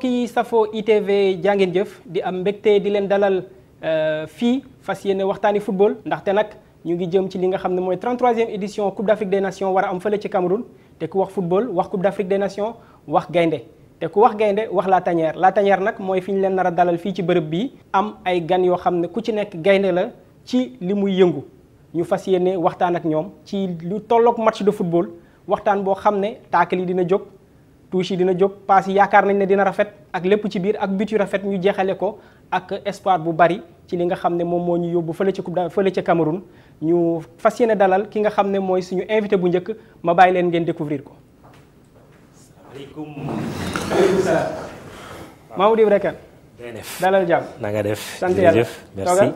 mbokk yi safoo ITV jàngeen jëf di am mbégte di leen dalal euh, fii fas yéene waxtaani football ndaxte nag ñu ngi jëm ci li nga xam ne mooy 33e édition Coupe d'Afrique des Nations war am fële ci Cameroun te ku wax football wax Coupe d'Afrique des Nations wax gaynde te ku wax gaynde wax la tanière la tanière nag mooy fi ñu leen nar a dalal fii ci bërëb bii am ay gan yoo xam ne ku ci nekk gaynde la ci li muy yëngu ñu fas yéene waxtaan ak ñoom ci lu tolloog match de football waxtaan boo xam ne taakal yi dina jóg touche dina jóg paas yi yaakaar nañ ne dina rafet ak lépp ci biir ak but yu rafet ñu jeexale ko ak espoir bu bari ci li nga xam ne moom moo ñu yóbbu fële ca coupe fële ca kamarun ñu fas yéene dalal ki nga xam ne mooy suñu invité bu njëkk ma bàyyi leen ngeen découvrir ko. asalaamaaleykum. maaleykum salaam. Mamoudou dalal jàmm. na def sant yàlla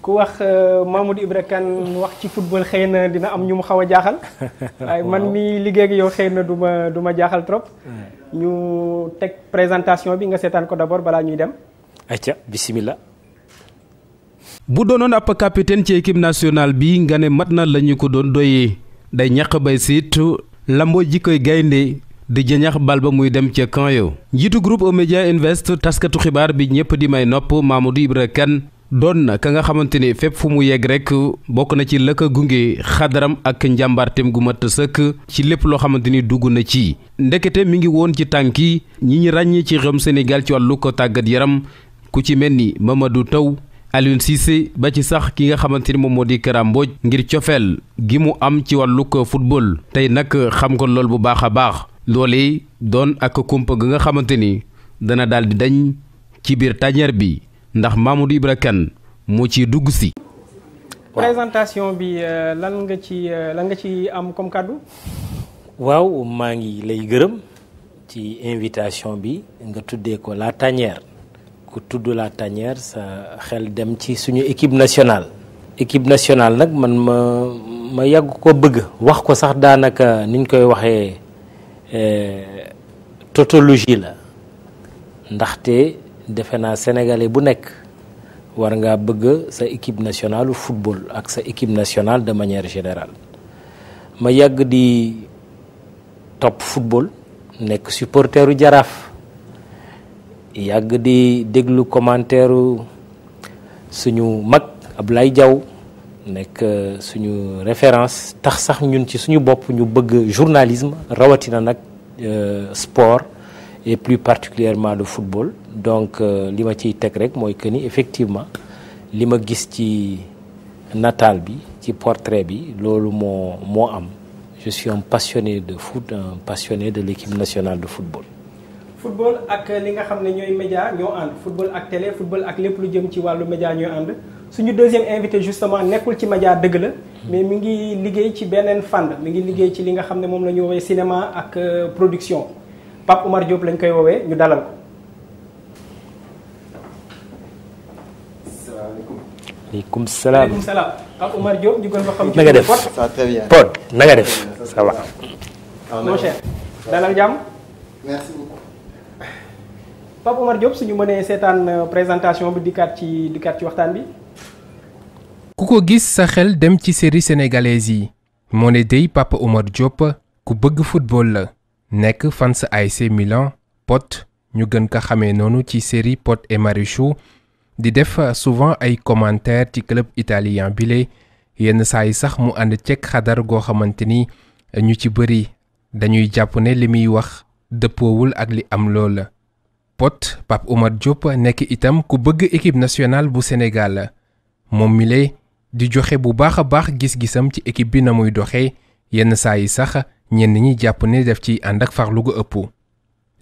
ku wax euh, Mamadou Ibra Kane wax ci football xëy na dina am ñu mu xaw a jaaxal. waaye man mi liggéey ak yow xëy na du ma du ma jaaxal trop. ñu teg présentation bi nga seetaan ko d'abord balaa ñuy dem. ayca bisimilah. bu doonoon ab capitaine ci équipe nationale bi nga ne mat na la ñu ko doon doye day ñaq bay siit lamboo jikkoy gaynde di jëñax bal ba muy dem ca camp yow njiitu groupe E-Media Invest taskatu xibaar bi ñëpp di may nopp Mamadou Ibra Kane doon na ka nga xamante ni fépp fu mu yegg rek bokk na ci la ko gunge xadaram ak njàmbaarteem gu mat sëkk ci lépp loo xamante ni dugg na ci ndekete mi ngi woon ci tànki ñi ñi ràññee ci réewum Sénégal ci wàllu ko tàggat yaram ku ci mel ni Mamadou Taw Aliou Cissé ba ci sax ki nga xamante ni moom moo di Kara ngir cofeel gi mu am ci wàllu ko football tey nag xam ko lool bu baax a baax loolee doon ak kumpa gi nga xamante ni dana daal di dañ ci biir tàññeer bi ndax Mamadou Ibra Kane moo ci dugg si. présentation bi euh, lan nga ci euh, lan nga ci am comme kàddu. waaw maa ngi lay gërëm ci invitation bi nga tuddee ko la tanière ku tudd la tanière sa xel dem ci suñu équipe nationale. équipe nationale nag man ma ma yàgg ko bëgg wax ko sax daanaka niñ koy waxee euh, tautologie la ndaxte. défenseur sénégalais bu nek war sa équipe nationale football ak sa équipe nationale de manière générale ma di top football nek supporteru jaraf yàgg di déglu commentaire suñu mag Ablaye Diaw nek euh, référence tax sax ñun ci suñu journalisme rawatina euh, sport et plus particulièrement le football donc euh, li ma ciy teg rek mooy que ni effectivement li ma gis ci natal bi ci portrait bi loolu moo moo am je suis un passionné de foot un passionné de l'équipe nationale de football. football ak li nga xam ne ñooy média ñoo ànd football ak télé football ak lépp lu jëm ci wàllu média ñoo ànd suñu deuxième invité justement nekkul ci média dëgg la mais mi ngi liggéey ci beneen fànn mi ngi liggéey ci li nga xam ne moom la ñu woowee cinéma ak euh, production Pape Oumar Diop lañ koy woowee ñu dalal ko. aleykum salaam aleykum salaam ak Omar Diop ñu gën xam. na nga def Pod na nga def ça va. mon cher dalal jàmm. merci beaucoup. Pape Omar Diop suñu mënee seetaan eh, présentation bi dikkaat ci dikkaat ci waxtaan bi. ku gis sa xel dem ci série sénégalaise yi. dey Papa Omar Diop ku bëgg football la fans AC Milan pot ñu gën ko xamee noonu ci série et di def eh, souvent ay commentaire ci club italien bile yenn saa yi sax mu ànd cek xadar goo xamante ni eh, ñu ci bëri dañuy jàpp ne li muy wax dëppoowul ak li am Pot Pap omar Diop nekk itam ku bëgg équipe nationale bu Sénégal moom mi di joxe bu baax baax gis-gisam ci équipe bi na muy doxee yenn saa yi sax ñenn ñi jàpp ne def ci ak farlu gu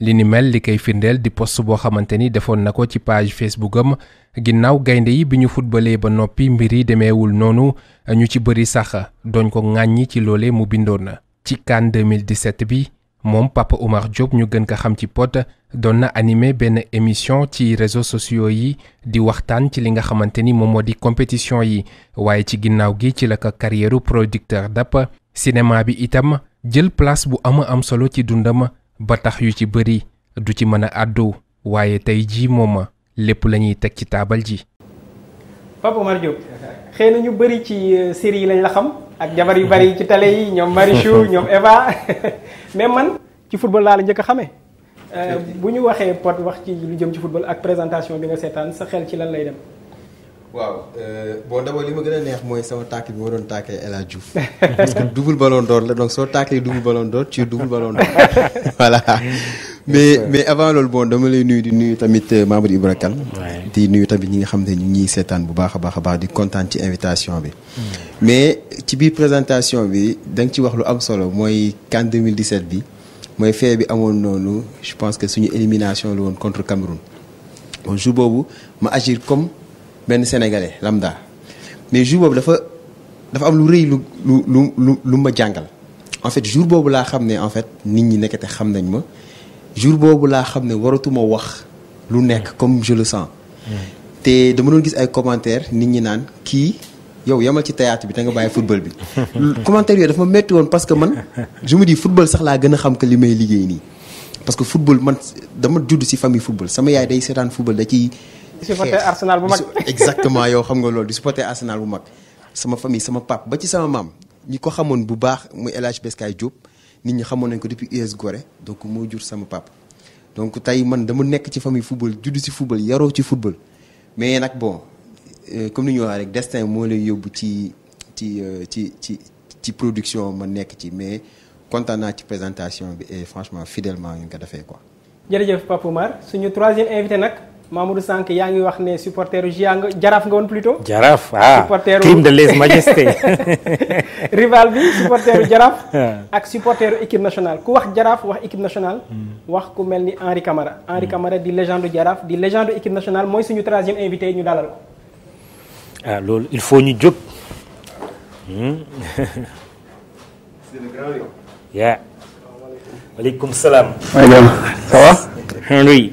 li ni mel li koy firndeel di post boo xamante ni defoon na ko ci page Facebook am ginnaaw gaynde yi bi ñu futbalee ba noppi mbir yi demeewul noonu ñu ci bëri sax doon ko ŋàññi ci loole mu bindoon na. ci CAN 2017 bi moom Papa Oumar Diop ñu gën ko xam ci pot doon na animé benn émission ci réseau sociaux yi di waxtaan ci li nga xamante ni moom moo di compétition yi waaye ci ginnaaw gi ci la ko carrièreu producteur dap cinéma bi itam jël place bu ama am solo ci dundam. ba tax yu ci bëri du ci mën a àddu waaye tey jii moom lépp lañuy teg ci taabal ji. Papa Omar Diop xëy na ñu bëri ci euh, série yi lañ la xam ak jabar yu bari ci télé yi ñoom Marichou ñoom Eva mais man ci football laa la njëkk xamee. Euh, bu ñu waxee Pod wax ci lu jëm ci football ak présentation bi nga seetaan sa xel ci lan lay dem. waaw euh, bon d'abord li ma gën a neex mooy sama tacle bi ma doon tacler El parce que double ballon d'or donc soo tacler double ballon d'or ci double ballon d'or voilà mais mais avant le bon dama lay nuyu di nuyu tamit euh, Mamadou Ibra Kane di nuyu tamit ñi nga xam ne ñu ngi seetaan bu baax di ci invitation bi. Mm. mais ci biir présentation bi da nga ci wax lu am solo CAN 2017 bi mooy fee bi amoon nonou je pense que suñu élimination la won contre Cameroun bon jour bobu ma agir comme un sénégalais lambda mais jour bobu dafa dafa am lu reuy lu lu lu ma en fait jour bobu la en fait nit ñi xam ma jour waratuma wax lu comme je le sens. Hmm. te dama doon gis ay commentaires nit ñi naan ki yow yamal ci théâtre bi da nga football bi. commentaire yooyu dafa metti parce que man je me dis football sax xam que li parce que football man dama judd ci famille football sama yaay day seetaan football da supporter Arsenal bu mag exactement yow xam nga loolu di supporter Arsenal bu mag sama famille sama pap ba ci sama mam, ñi ko xamoon bu baax muy El Hadj Beskaay Diop nit ñi xamoon nañ ko depuis US Gorée donc moo jur sama pap donc tey man dama nekk ci famille football juddu si football yaroo ci football mais nag bon euh, comme ni ñu waxee rek destin moo lay yóbbu ci ci euh, ci ci ci production ma nekk ci mais kontaan naa ci présentation bi et franchement fidèlement ñu ko defee quoi. jërëjëf Pape Oumar suñu troisième invité nag. Mamadou Sànq yaa ngi wax ne supporteru Gia nga jaraaf nga woon plutôt. jaraaf ah supporteru crime de lèse-majesté. rival bi supporteru jaraaf. Ah. ak supporteru équipe nationale ku wax jaraaf wax équipe nationale. Hmm. wax ku mel ni Henri Camara. Henri hmm. Camara di légende jaraaf di légende équipe nationale mooy suñu troisième invité ñu dalal ko. Ah, loolu il faut ñu jóg. Hmm? salaam. Henri.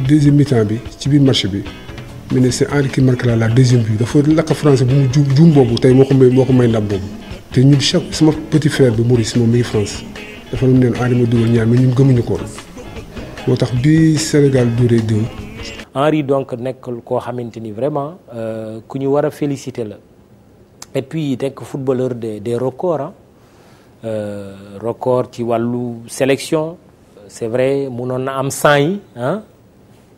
deuxième mi-temps bi ci biir marché bi mu ne c'est Henri qui marque la la deuxième bi dafa lakk français bu mu ju juum boobu tey moo ko may moo ko may ndam boobu. te ñun chaque sama petit frère bi Maurice moom mi ngi France dafa ne leen Henri ma dugal ñaar mais ñun gëmuñu ko moo tax bi Sénégal duré deux. Henri donc nekk koo xamante ni vraiment euh, ku ñu war a féliciter la et puis nekk footballeur des des records hein. Euh, record ci wàllu sélection c'est vrai munoon na am 100 yi ah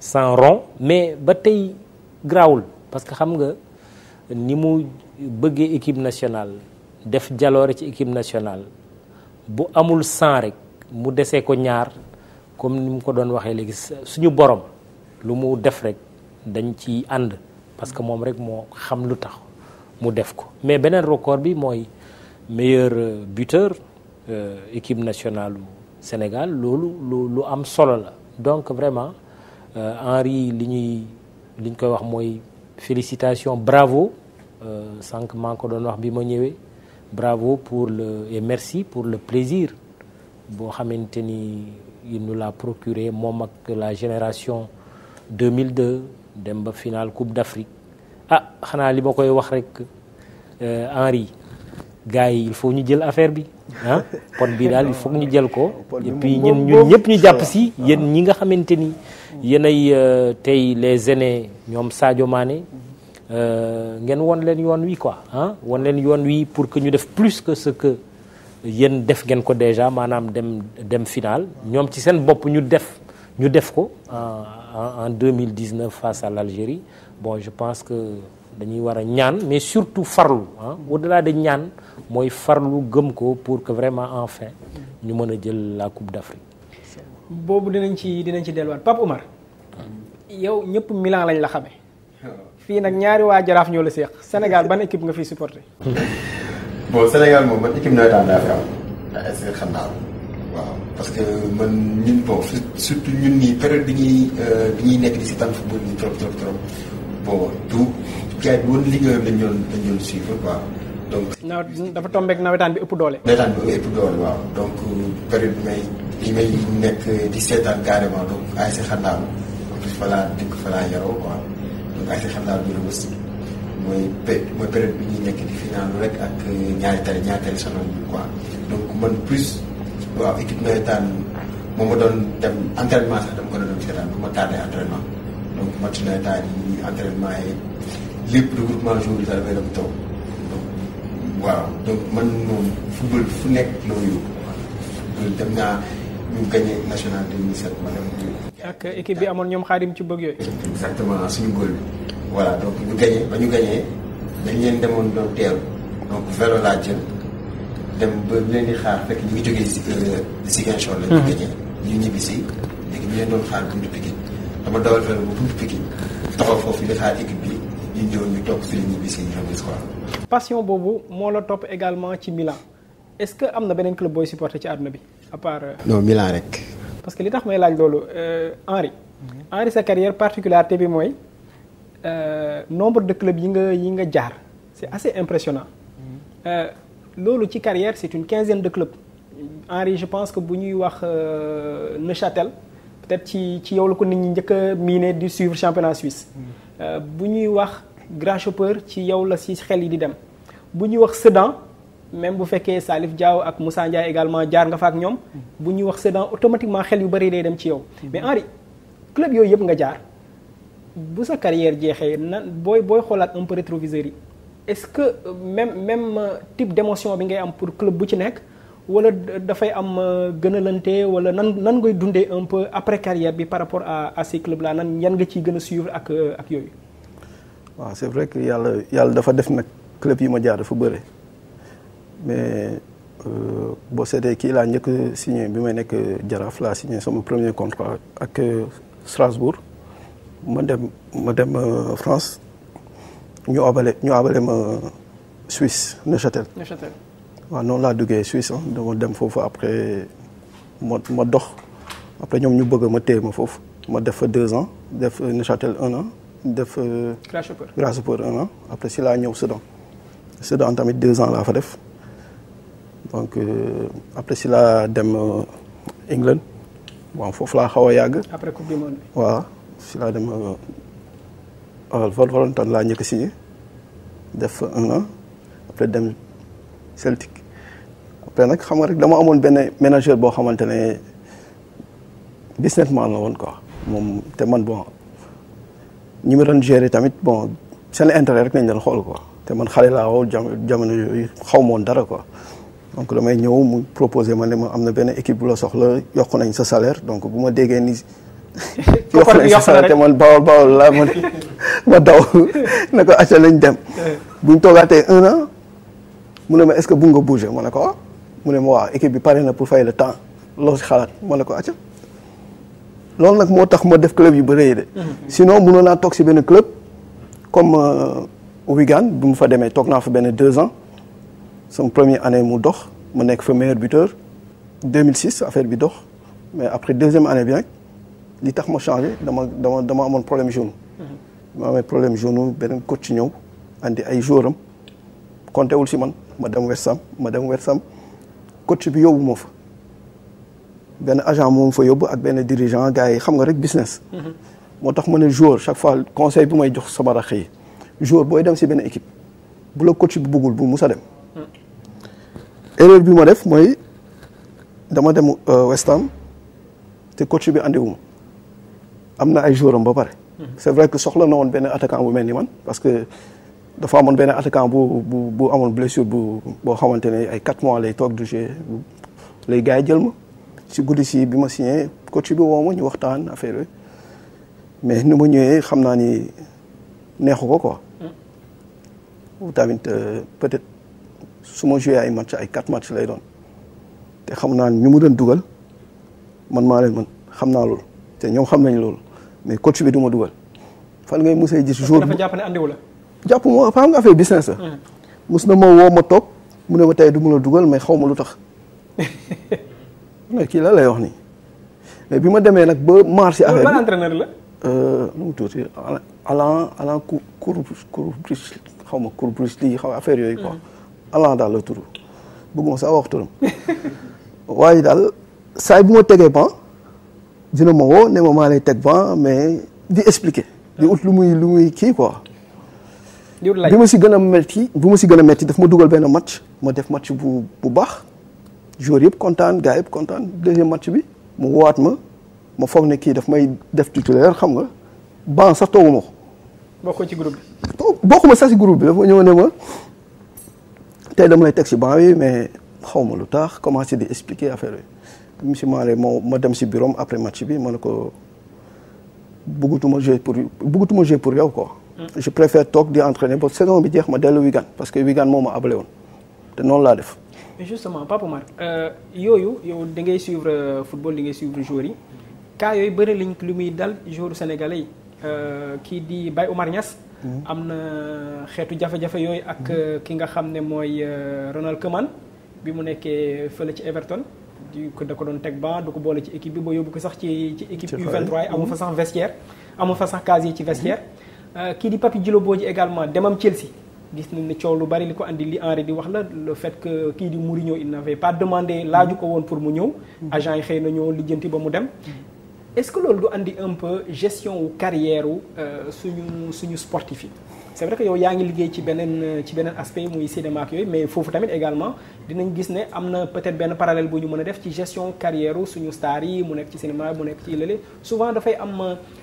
sans rond mais ba graoul parce que xam nga équipe nationale def équipe nationale bu amul sang rek ko comme nous ko doon nationale, suñu borom lu mu def rek dañ ci nationale, parce que mom rek mo xam lu tax def ko mais benen record bi meilleur euh, buteur euh, équipe nationale Sénégal lolu am solo donc vraiment euh, Henri li ñuy félicitations bravo euh, maa ngi ko doon wax bravo pour le et merci pour le plaisir Bon xamante il nous l'a procuré moom que la génération 2002 d'emba finale Coupe d'Afrique ah xanaa li ma koy wax rek euh, Henri gars il faut ñu jël affaire bi hein? Ah, Pon bi dal, il faut ñu jël ko et puis ñun ñun ñëpp ñu japp si yeen ñi nga xamanteni yéenay euh, tey les aînés ñoom Sadio Mané euh, ngeen won leen yoon wi quoi ah won leen yoon wi pour que ñu def plus que ce que yéen def ngeen ko déjà maanaam dem dem final ñoom ci seen bopp ñu def ñu def ko en en 2019 face à l'Algérie bon je pense que dañuy war a ñaan mais surtout farlu ah au-delà de ñaan mooy farlu gëm ko pour que vraiment enfin ñu mën a jël la Coupe d'Afrique. boobu dinañ ci dinañ ci delluwaat Pape Oumar. yow ñëpp Milan lañ la xame ah. fii nag ñaari waa jaraaf ñoo la seex senegal ban équipe nga fi supporter. boo Sénégal moom man équipe nawetaan laa fi am. ay ah, see xam naa waaw parce que man ñun bon surtout ñun euh, bi ñuy nekk di si tànn football bi trop trop trop bon tout gars yi woon liggéeyam dañ doon dañ doon suivre quoi. donc dafa tombeek nawetaan bi ëpp doole. nawetaan bi ëpp doole waaw donc euh, période bi may bi may nekk di seetaan carrément donc ay see xam naa fa laa dëkk fa laa yaroo quoi donc ak si xam daal mbiru wërsëg mooy mooy période bi ñuy nekk di finaalu rek ak ñaari tali ñaari tali sonal quoi donc man plus waaw équipe nawetaan moom ma doon dem entraînement sax dama ko doon seetaan bu ma tardé donc man moom football fu nekk loo yóbbu football dem naa ñu gagné national 2007 ma dem ak équipe bi amoon ñoom xaari mu ci bëgg yooyu. exactement suñu góol bi voilà donc ñu gagné ba ñu gagné dañ leen demoon doon teeru donc vélo laa jël ba ñu leen di ñu ngi jógee si euh, Ziguinchor la ñu mhm. gagné ñu ñu leen doon xaar buntu Pikine dama dawal vélo ba buntu taxaw foofu di xaar équipe bi ñu ñëw ñu toog fii ñibbi ñu xam ne quoi. passion boobu moo la topp également ci Milan est-ce que am na beneen club booy supporter ci àdduna bi à part. Euh, non rek. parce que li tax euh, mhm. Henri sa carrière particulière bi le euh, nombre de clubs yi nga yi c'est assez impressionnant mhm. euh, carrière c'est une quinzaine de clubs Henri je pense que Neuchâtel peut-être ci ci yow a championnat suisse mhm. wax ci yow la si xel yi di dem Sedan même bu fekkee saalif Diaw ak Moussa Ndiaye également jaar nga fa ak ñoom bu ñuy wax Sedan automatiquement xel yu bëri day dem ci yow mais Henri club yooyu yëpp nga jaar bu sa carrière jeexee nan booy booy xoolaat un peu rétroviseur yi est-ce que même même euh, type d'émotion bi ngay am pour club bu ci nekk wala dafay am euh, gën a lante wala nan nan ngay dundee un peu après carrière bi par rapport à à ces clubs là nan yan nga ciy gën a suivre ak euh, ak yooyu waaw c'est vrai que yàlla dafa def nag club yi ma jaar dafa bëre mais euh, boo seetee signé bi premier contrat avec euh, Strasbourg je euh, France ñu abale ñu Suisse Neuchâtel. Neuchâtel je suis Suisse hein. après je après deux ans def Neuchâtel un an def. Grasshopper suis un an après Sedan Sedan tamit deux ans à fa donc euh, après cela dem dem euh, England bon foofu la xawa a après coupe du monde. waaw si euh, dem Wolverhampton la ñëk signé def un an après dem Celtic après nak xam nga rek dama amone ben manager bo xamantene ne businessman la won quoi mom té man bon ñi mi doon gérer tamit bon c'est l'intérêt rek nañ dal xol quoi té man xale laa woon jamono xawmon dara quoi. donc damay ñëw mu proposé ma ne ma am na benn équipe bu la soxla yokk nañ sa salaire donc bu ma déggee ni. yokk nañ sa salaire te man bawal bawal laa man ma daw na ko acca lañ dem. buñ toogaatee un an mu ne ma est-ce que bu nga bougé ma ne ko waaw ah. mu ne ma waaw équipe bi pare na pour fay le temps loo si xalaat ma ne ko acca. loolu nag moo tax ma def club yu bëri yi de. Mm-hmm. sinon mënoon naa toog si benn club comme euh, Wigan bu mu fa demee toog naa fa benn deux ans. Son premier année mu dox ma nekk fa meilleur buteur 2006 affaire bi dox mais après deuxième année bi nag li tax ma changé dama dama dama amoon problème genou. Mhm. ma amee problème genou beneen coach ñëw andi ay joueur am si man ma dem West Ham ma dem West coach bi yóbbu ma fa. benn agent moom fa yóbbu ak benn dirigeant gars yi xam nga rek business. Mhm. moo tax ma ne joueur chaque fois conseil bi may jox sama rax yi joueur booy dem si benn équipe bu la coach bi bëggul bu musa dem erreur bi ma def moy dama dem euh, West Ham te coach bi andi am amna ay jouram ba paré mhm. c'est vrai que soxla na woon ben attaquant bu melni man parce que dafa amone ben attaquant bu bu bu amoon blessure bu bo xamantene ay 4 mois lay tok du jeu lay gars yi jël ma si goudi si bi ma signé coach bi woma ñu waxtaan affaire mais ni ma ñëwee xamna ni neexu quoi. Mm. ou tamit euh, peut-être. suma ma joué ay match ay 4 match lay don te xamna ñu mu doon dugal man ma leen man xamna lool té te xam nañ lool mais coach bi duma duggal dugal fan ngay musee gis jour dafa jàpp ne andiwu la japp mo fa nga affaire business musna hmm. mus na ma woo ma toog mu ne ma tay du la dugal mais xawma lutax lu ki la lay wax ni mais bima démé nak ba marché affaire bi entraîneur la euh mu xaw affaire quoi hmm. allant daal le tour. je ne pas ça ban ma lay mais di expliquer di quoi. Je ma si gën vous metti ma si vous vous metti daf ma match vous def match bu bu baax joueur vous vous gars deuxième match bi mu vous ma ma foog vous vous daf may def titulaire xam nga ban vous ci groupe vous groupe tay dama lay teg si mais xawma ma lu tax commencé di expliquer affaire bi monsieur Maale moo ma dem bureau après match bi ma ko bëggatuma jouer pour bëggatuma jouer pour yow quoi. Mm. je préfère tok di entraîner ba saison bi jeex ma dellu Wigan parce que Wigan moma ma abalé woon te non la def. mais justement Pape euh yooyu yow da ngay suivre euh, football di ngay suivre joueur yi ka yoy bëri liñ lu muy dal joueur sénégalais yi euh, kii di bay Omar Niass. Mhm. amna xétu jafé jafé yoy ak mhm. euh, ki nga xamné moy euh, Ronald Koeman bi mu nekkee feulé ci Everton di ko da ko doon teg du ko bolé ci équipe bi bo yóbbu ko sax ci ci équipe U23 amu fa mhm. sax vestiaire amu fa sax casier ci vestiaire euh, ki di papi Djilo Bodji également demam Chelsea gis nañ ne ciow lu bari li ko andi li Henri di wax la le fait que ki di Mourinho il n'avait pas demandé laaju ko won pour mu ñew agent yi xëy na ñoo ba mu dem est-ce que loolu du andi un peu gestion ou carrière wu euh, suñu suñu sportif c'est vrai que yow yaa ngi liggéey ci beneen ci beneen aspect muy cinéma ak yooyu mais foofu tamit également dinañ gis ne am peut-être benn parallèle bu ñu mën def ci gestion carrière wu suñu star yi mu nekk ci cinéma mu nekk ci lële souvent dafay am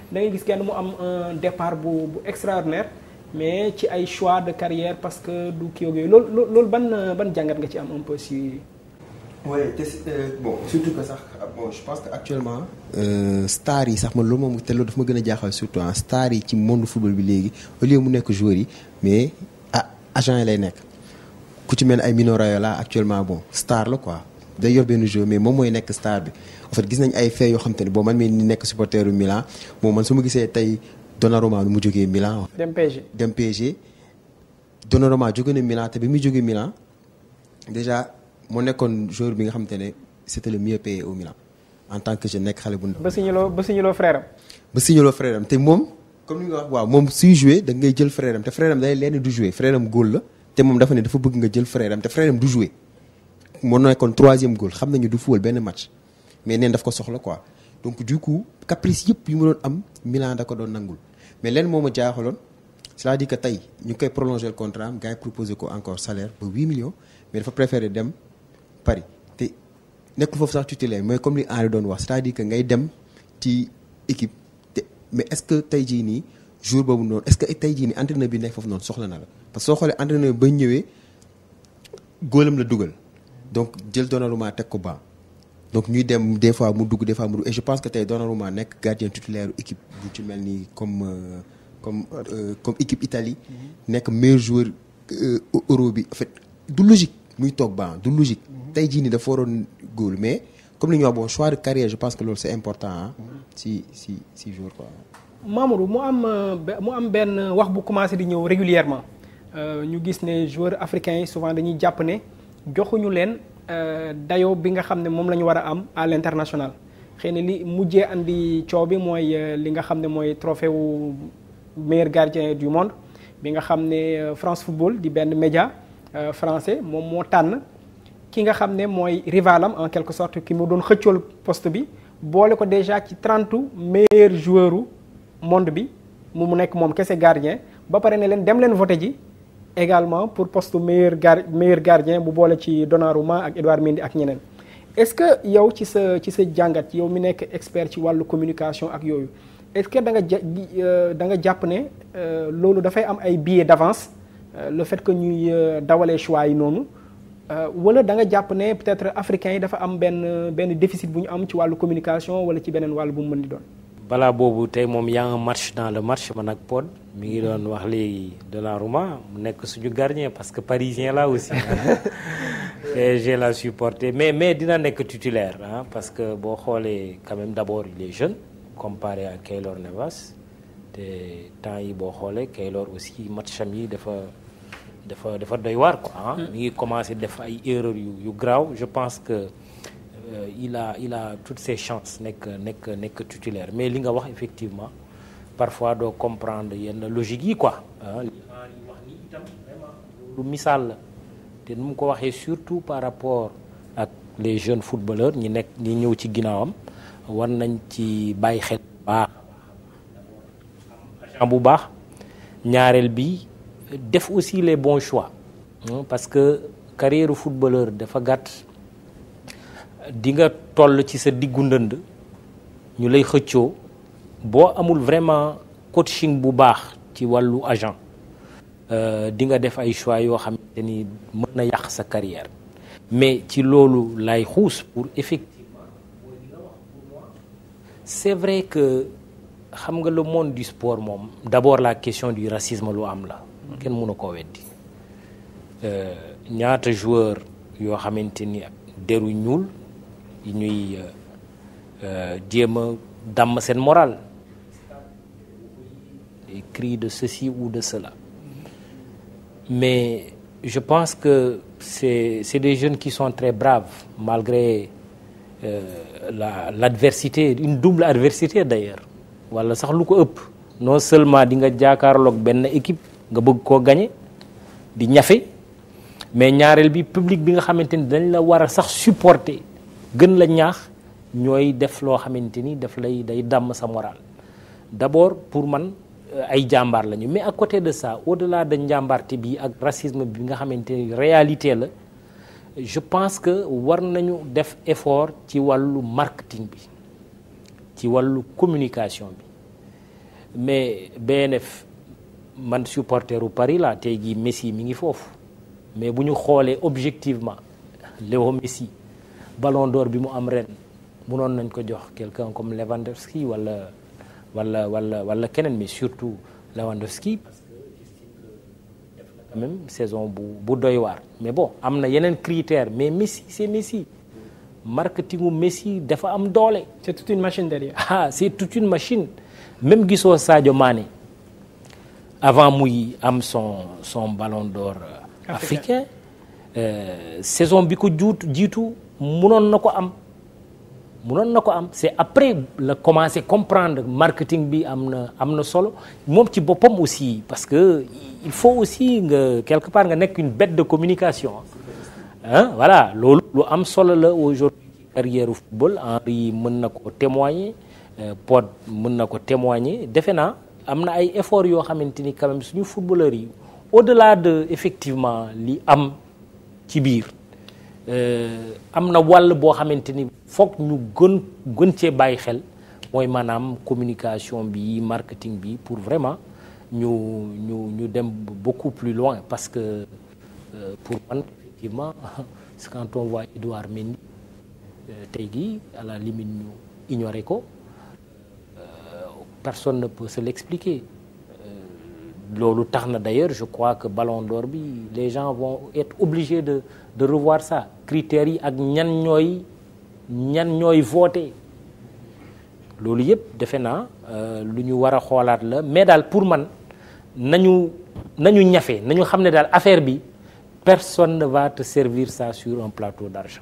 da ngay gis kenn mu am un départ bu extraordinaire mais ci ay choix de carrière parce que du kii yooyu loolu loolu ban ban jàngat nga ci am un peu si oui euh, bon surtout que ah, bon je pense que actuellement. Euh, star, yi sax je veux dire, surtout ah, football bi au lieu mu mais ah, agent lay tu ku ci actuellement bon star la quoi d'ailleurs yor benn mais star en fait je nañ ay faits je xam je supporter de Milan bon man je Donnarumma mu Milan. dem PSG dem PSG Donnarumma jóge de Milan il est muy Milan déjà moo nekkoon joueur bi nga xamante ne c'était le mieux payé au Milan en tant que je nekk xale bu ndaw. ba signaloo ba signaloo frère am. ba signaloo frère am te comme ni nga wax waaw moom suy joué da ngay jël frère am te frère am day lenn du jouer frère am góol la te mom dafa né dafa bëgg nga jël frère am te frère am du joué moo nekkoon troisième góol xam nañu du fuwal benn match mais neen daf ko soxla quoi donc du coup caprice yëpp yu mu doon am Milan da ko doon nangul mais leen moo ma c'est-à-dire que tay ñu koy prolonger le contrat am gars proposé ko encore salaire ba 8 millions mais dafa préférer dem. Paris te nekkul fofu sax titulaire mais comme li Henri doon wax c'est-à-dire que ngay dem ci équipe te mais est-ce que tey jii nii jour boobu noonu est-ce que tey jii nii entraîneur bi nekk foofu noonu soxla na la parce que soo xoolee entraîneur ba ñëwee góolam la dugal donc jël Donnarumma teg ko banc donc ñuy dem des fois mu dugg des fois mu dugg et je pense que tey Donnarumma nekk gardien titulaire équipe bu ci mel nii comme euh, comme euh, comme équipe Italie mm-hmm. nekk meilleur joueur euh, euro bi en fait du logique muy toog banc du logique tey jii da foron goul mais comme li wax bon choix de carrière je pense que lolu c'est important ah si si si jour quoi. Mamadou mo am mo am ben wax bu commencer di ñëw régulièrement euh ñu gis né joueurs africains souvent dañuy japp né joxuñu len euh dayo bi nga xamné mom lañu wara am à l'international xëy li mujjé andi coow moy euh, li nga xamné moy trophée wu meilleur gardien du monde bi nga xamné euh, France Football di ben média euh, français mom mo tan ki nga xam ne rivalam en quelque sorte ki mu doon xëccool poste bi boole ko déjà ci trente meilleurs joueurs u monde bi mu mu nekk gardien ba pare ne leen dem leen ji également pour poste meilleur gar meilleur gardien bu boole ci Donnarumma ak Edouard Mendy ak ñeneen est-ce que yow ci ce, ce sa jàngat yow mi nekk expert ci wàllu communication ak yooyu est-ce que da nga euh, da nga jàpp ne euh, loolu dafay am ay billets d'avance euh, le fait que ñuy dawalee choix yi noonu euh, wala da nga japp ne peut-être africain yi dafa am ben ben déficit bu ñu am ci walu communication wala ci benen walu bu mu mën di doon. bala bobu tay mom ya nga match dans le match man ak Pod mi ngi doon wax léegi Donnarumma mu nek suñu gardien parce que parisien là aussi hein. j'ai la supporté mais mais dina nek titulaire hein, parce que bo xolé quand même d'abord il est jeune comparé à Keylor Navas té temps yi bo xolé Keylor aussi matcham yi dafa dafa dafa doy waar quoi ah. mi ngi commencé def ay erreurs yu yu graaw je pense que euh, il a il a toutes ses chances nek nek nek titulaire mais li nga wax effectivement parfois do comprendre yenn logique yi quoi. ah vraiment lu misaal la te nu mu ko waxee surtout par rapport ak les jeunes footballeurs ñi nek ñi ñëw ci ginaawam war nañ ci bàyyi xel bu baax agent bu baax ñaareel bi def aussi les bons choix hein, parce que carrière footballeur dafa gàtt di nga toll ci sa diggu ndënd ñu lay xëccoo boo amul vraiment coaching bu baax ci wàllu agent euh, di nga def ay choix yoo xamante ni mën na sa carrière mais ci loolu lay xuus pour effectivement c'est vrai que xam nga le monde du sport d'abord la question du racisme lu am la kenn mënu ko weddi euh, ñaata joueur yoo xamante ni deru ñuul yi ñuy euh, euh, jéem a dàmm seen moral des cris de ceci ou de cela mais je pense que c'est c'est des jeunes qui sont très braves malgré euh, la l'adversité une double adversité d'ailleurs wala sax lu ko ëpp non seulement di nga jaakaarloog benn équipe nga bëgg koo gagné di ñafe mais ñaareel bi public bi nga xamante ni dañ la war a sax supporter gën la ñaax ñooy def loo xamante ni daf lay day dàmm sa moral d'abord pour man euh, ay jàmbaar lañu mais à côté de ça au-delà de njàmbaarte bi ak racisme bi nga xamante ni réalité la je pense que war nañu def effort ci wàllu marketing bi ci wàllu communication bi mais BNF man suis Paris la tey Messi mi ngi foofu mais si nous voulons objectivement Léo Messi ballon d'or bi mu am ren mënoon nañ ko jox quelqu'un comme Lewandowski wala wala wala wala Kenen, mais surtout Lewandowski même saison bu bu doy mais bon y a un critère mais Messi c'est Messi marketingu Messi dafa am doole. c'est toute une machine derrière. ah c'est toute une machine même gisoo Sadio Mané avant il am son son ballon d'or africain euh, saison bi ko juut jiitu munoon pas am Mounon am c'est après le commencer comprendre marketing bi am na un petit solo moom ci aussi parce que il faut aussi quelque part nga ait une bête de communication hein voilà Le lu am solo aujourd'hui carrière au football Henri peut témoigner euh, Pod mën témoigner Defena amna ay efforts yo xamanteni quand même suñu footballeur yi au-delà de effectivement li am ci biir euh, am na wàll bo xamanteni ni ñu gën gën cee bàyyi xel moy manam communication bi marketing bi pour vraiment ñu ñu ñu dem beaucoup plus loin parce que euh, pour man effectivement quand on voit Edouard Mendy euh, tay gi à la limite ñu ignorer ko personne ne peut se l'expliquer. Euh, d'ailleurs, je crois que Ballon d'Or les gens vont être obligés de, revoir ça. Critères ak ñan ñoy ñan ñoy voter. Lolu yep c'est na euh, lu ñu wara mais pour man nañu nañu ñafé nañu xamné dal affaire bi personne ne va te servir ça sur un plateau d'argent.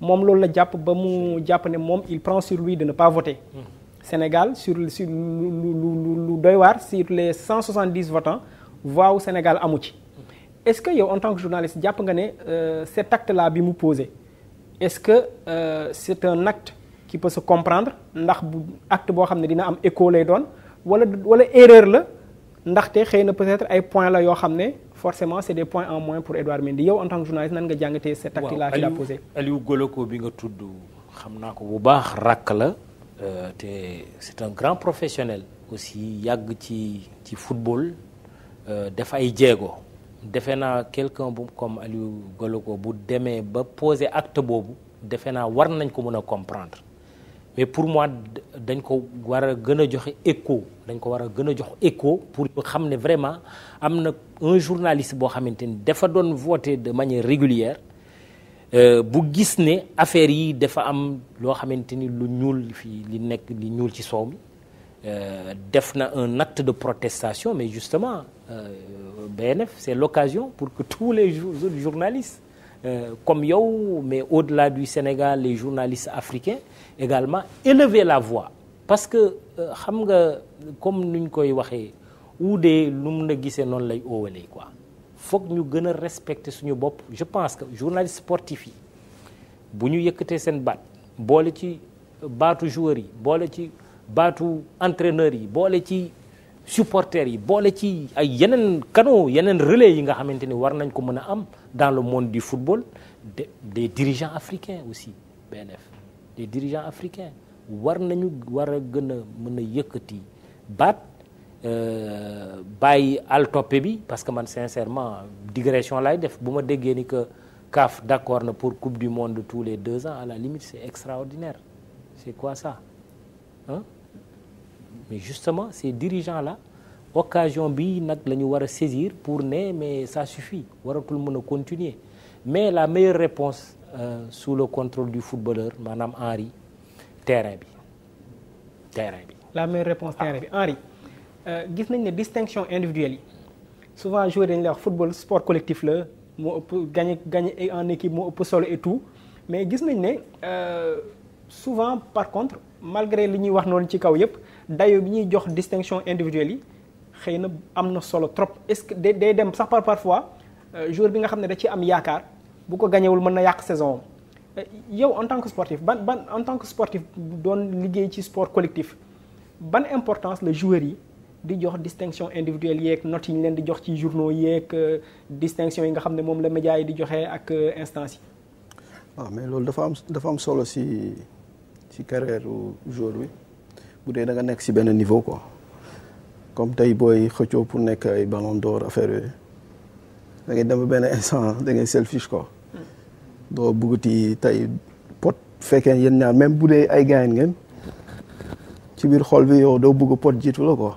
mom lolou la japp ba mu ne il prend sur lui de ne pas voter hmm. Sénégal sur lu sur les 170 votants voix au Sénégal amu ci hmm. est-ce que yow en tant que journaliste japp nga ne euh, cet acte là bi mu posé est-ce que euh, c'est un acte qui peut se comprendre ndax acte bo xam dina am écho lay y wala wala erreur la ndaxte xëy peut-être ay points la yo xam forcément c'est des points en moins pour Edouard Mendy yow en tant que journaliste nan nga jàngatee cet acte là qu'il a posé Aliou Goloko bi nga tudd xamna ko bu baax rak la euh c' est un grand professionnel aussi yag ci ci football euh, def ay jéego Defena quelqu'un comme Aliou Goloko bu démé ba poser acte bobu, defena war nañ ko mën comprendre et pour moi dañ ko war a gën a joxe écho dañ ko war a gën écho pour ñu vraiment am un journaliste boo xamante ni dafa doon voté de manière régulière euh, bu gis ne affaire yi dafa am loo xamante ni lu ñuul fii li nekk li ñuul ci soow mi euh, def un acte de protestation mais justement euh, BNF c'est l'occasion pour que tous les journalistes comme yow mais au-delà du Sénégal les journalistes africains également élever la voix parce que euh, xam nga comme nous koy waxee ou lu mun a gisee noonu lay oowalee quoi faut ñu que nous respecter suñu je pense que journaliste sportif yi bu ñu ce seen nous boole ci baatu joueurs yi boole ci baatu entraîneurs yi boole ci supporters yi nous ci ay yenen canaux yenen relais yi nga xamante war nañ ko mëna am dans le monde du football des dirigeants africains aussi BNF les dirigeants africains war nañu war a gën a mën a yëkkati baat euh, bàyyi altoppe bi parce que man sincèrement digression lay def bu ma déggee ni que CAF d'accord na pour coupe du monde tous les deux ans à la limite c'est extraordinaire c'est quoi ça hein mais justement ces dirigeants là occasion bi nag la ñu saisir pour ne mais ça suffit waratul mën a continuer mais la meilleure réponse euh, sous le contrôle du footballeur madame Henri terrain bi terrain la meilleure réponse terrain bi Henri y euh, nañ une distinction individuelle souvent jouer joueur le football sport collectif là, moo en équipe au ëpp solo et tout mais vous nañ euh, souvent par contre malgré ce que wax noonu ci kaw yépp dayo une distinction individuelle il y a solo trop est-ce que day dem parfois. Euh, joueur bi nga xamné da ci am yaakaar bu ko gañewul mën na yàq saison euh, yow en tant que sportif ban ban en tant que sportif doon liggéey ci sport collectif ban importance le joueur yi di jox distinction individuelle yeeg notes yi ñu leen di jox ci journaux yeeg euh, distinction yi nga xamné mom la média yi di joxé ak instance yi. ah mais loolu dafa am dafa am solo si si carrière joueur bi bu dee da nga nekk si benn niveau quoi comme tey booy xëccoo pour nekk ay ballon d'or affaire yooyu da ngay dem benn instant da ngay selfish quoi. doo ti tey pot fekkee yéen ñaar même bu dee ay gaañ ngeen ci biir xol bi yow doo bëgg pot jiitu la quoi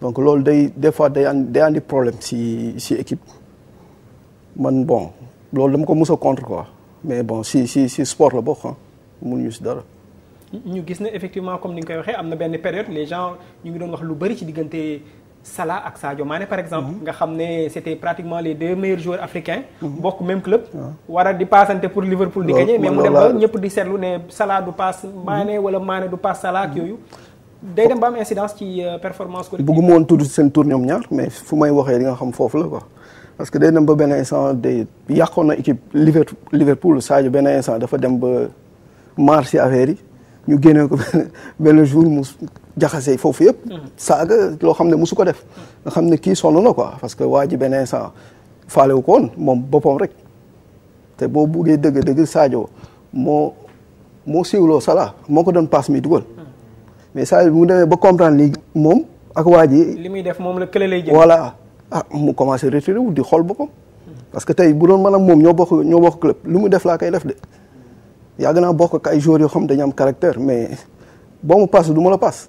donc loolu day des fois day andi day andi problème si si équipe man bon loolu dama ko mos a contre quoi mais bon si si si sport la bokk ah mënuñu si dara. ñu gis ne effectivement comme ni nga koy waxee am na benn période les gens ñu ngi doon wax lu bari ci diggante. Salah ak Sadio Mané par exemple. Mhm. nga xam c'était pratiquement les deux meilleurs joueurs africains. Mhm. bokk même club. war a di paasante pour Liverpool di gagner. mais mu dem ba ñëpp di seetlu ne Salah du paas mhm. Mané wala Mané du paas Salah ak yooyu. day dem ba am incidence ci euh, performance collective. bëgguma woon tudd seen tour ñoom ñaar mais fu may waxee li nga xam foofu la quoi. parce que day dem ba benn instant day yàqoon na équipe Liverpool Sadio benn instant dafa dem ba marché affaire yi ñu génne ko benn jour mu jaxase foofu yëpp. Mm-hmm. saaga loo xam ne mosu ko def. Mm-hmm. nga xam ne kii sonn na ko parce que waa ji beneen sens faale ko woon moom boppam rek te boo buggee dëgg dëgg Sadio moo moo siwloo Salah moo ko doon paas mi dugal. Mm-hmm. mais Sadio mu demee ba comprendre lii moom ak waa ji. li muy def moom la kële ah, mu commencé retiré wu di xool boppam. parce que tey bu doon mën a moom ñoo bokk lu mu def laa koy def de yàgg naa bokk ak ay joueurs yoo xam dañu am caractère mais boo mu paas du ma la paas.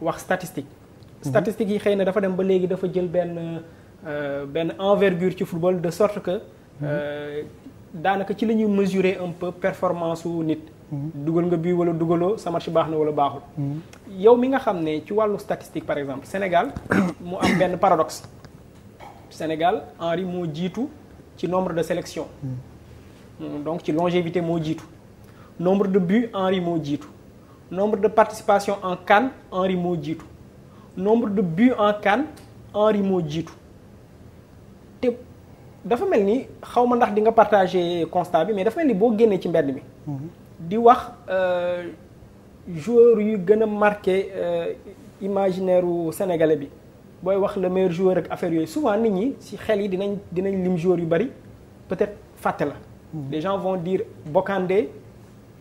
wax statistique. Mhm. statistique yi xëy na dafa dem ba léegi dafa jël benn euh, benn envergure ci football de sorte que. Mhm. Euh, daanaka ci la ñuy mesurer un peu performance nit. Mhm. dugal nga bii wala dugaloo sa match baax na wala baaxul. yow mi nga xam ne ci wàllu statistique par exemple Sénégal mu am benn paradoxe Sénégal Henri moo jiitu ci nombre de sélection donc ci longévité moo jiitu nombre de buts Henri moo jiitu nombre de participations en CAN Henri moo nombre de buts en CAN Henri moo jiitu te dafa mel ni ndax di partagé constat bi mais dafa mel ni boo génnee ci mbedd mi. Mhm. di euh, joueur qui a marqué euh, imaginaire u sénégalais bi Boy wax le meilleur joueur ak affaire yoy. souvent nit si ci xel yi dinañ dinañ lim joueur yu bari peut-être Fatela. Mhm. les gens vont dire Bokandé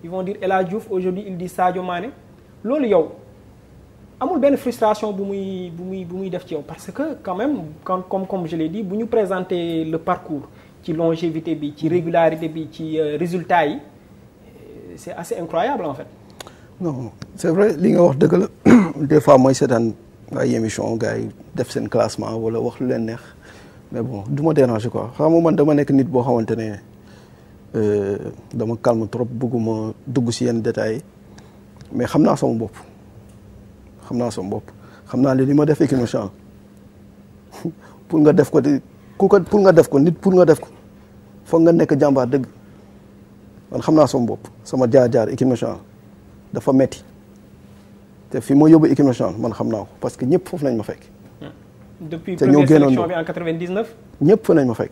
ils vont dire El Diouf aujourd'hui il dit Sadio Mané Lolo, yow amul ben frustration bu muy bu muy bu muy def ci parce que quand même quand comme comme je l'ai dit vous nous présenter le parcours ci longévité bi ci régularité bi ci euh, résultat euh, c'est assez incroyable en fait. non c'est vrai li nga wax des fois c'est dans ay émission gars yi def seen classement wala wax lu leen mais bon du ma déranger quoi À un man dama nekk nit boo xamante euh, dama calme trop bëgguma dugg ci yenn détails mais xamna sama bop xamna sama bop xamna li li ma def defee Kinoshang pour nga def ko di ku ko pour nga def ko nit pour nga def ko fo nga nek jàmbaar deug man xamna sama bop sama jaar-jaar équipe nationale dafa metti te fi mo yóbbu équipe nationale man xam ko parce que ñepp fofu lañ ma fekk. depuis première sélection bi en 99. ñëpp fa lañ ma fekk.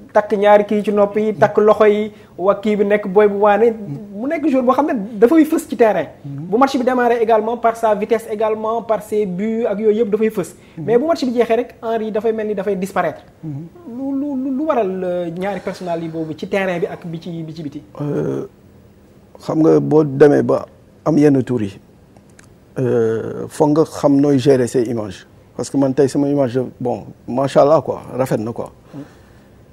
takk ñaari kii ci nopp yi takk loxo yi wa kii bi nekk booy bu waane mu nekk jour boo xam ne dafay fës ci terrain bu match bi démarré également par sa vitesse également par ses buts ak yooyu yëpp dafay fës mais bu match bi jeexee rek Henry dafay mel ni dafay disparaître lu lu lu waral euh, ñaari personnel yi boobu ci terrain bi ak bi ci bi ci biti euh, xam nga boo demee ba am yenn tour yi euh, foog nga xam nooy gérer ses images parce que man tey sama image bon macha allah quoi rafet na quoi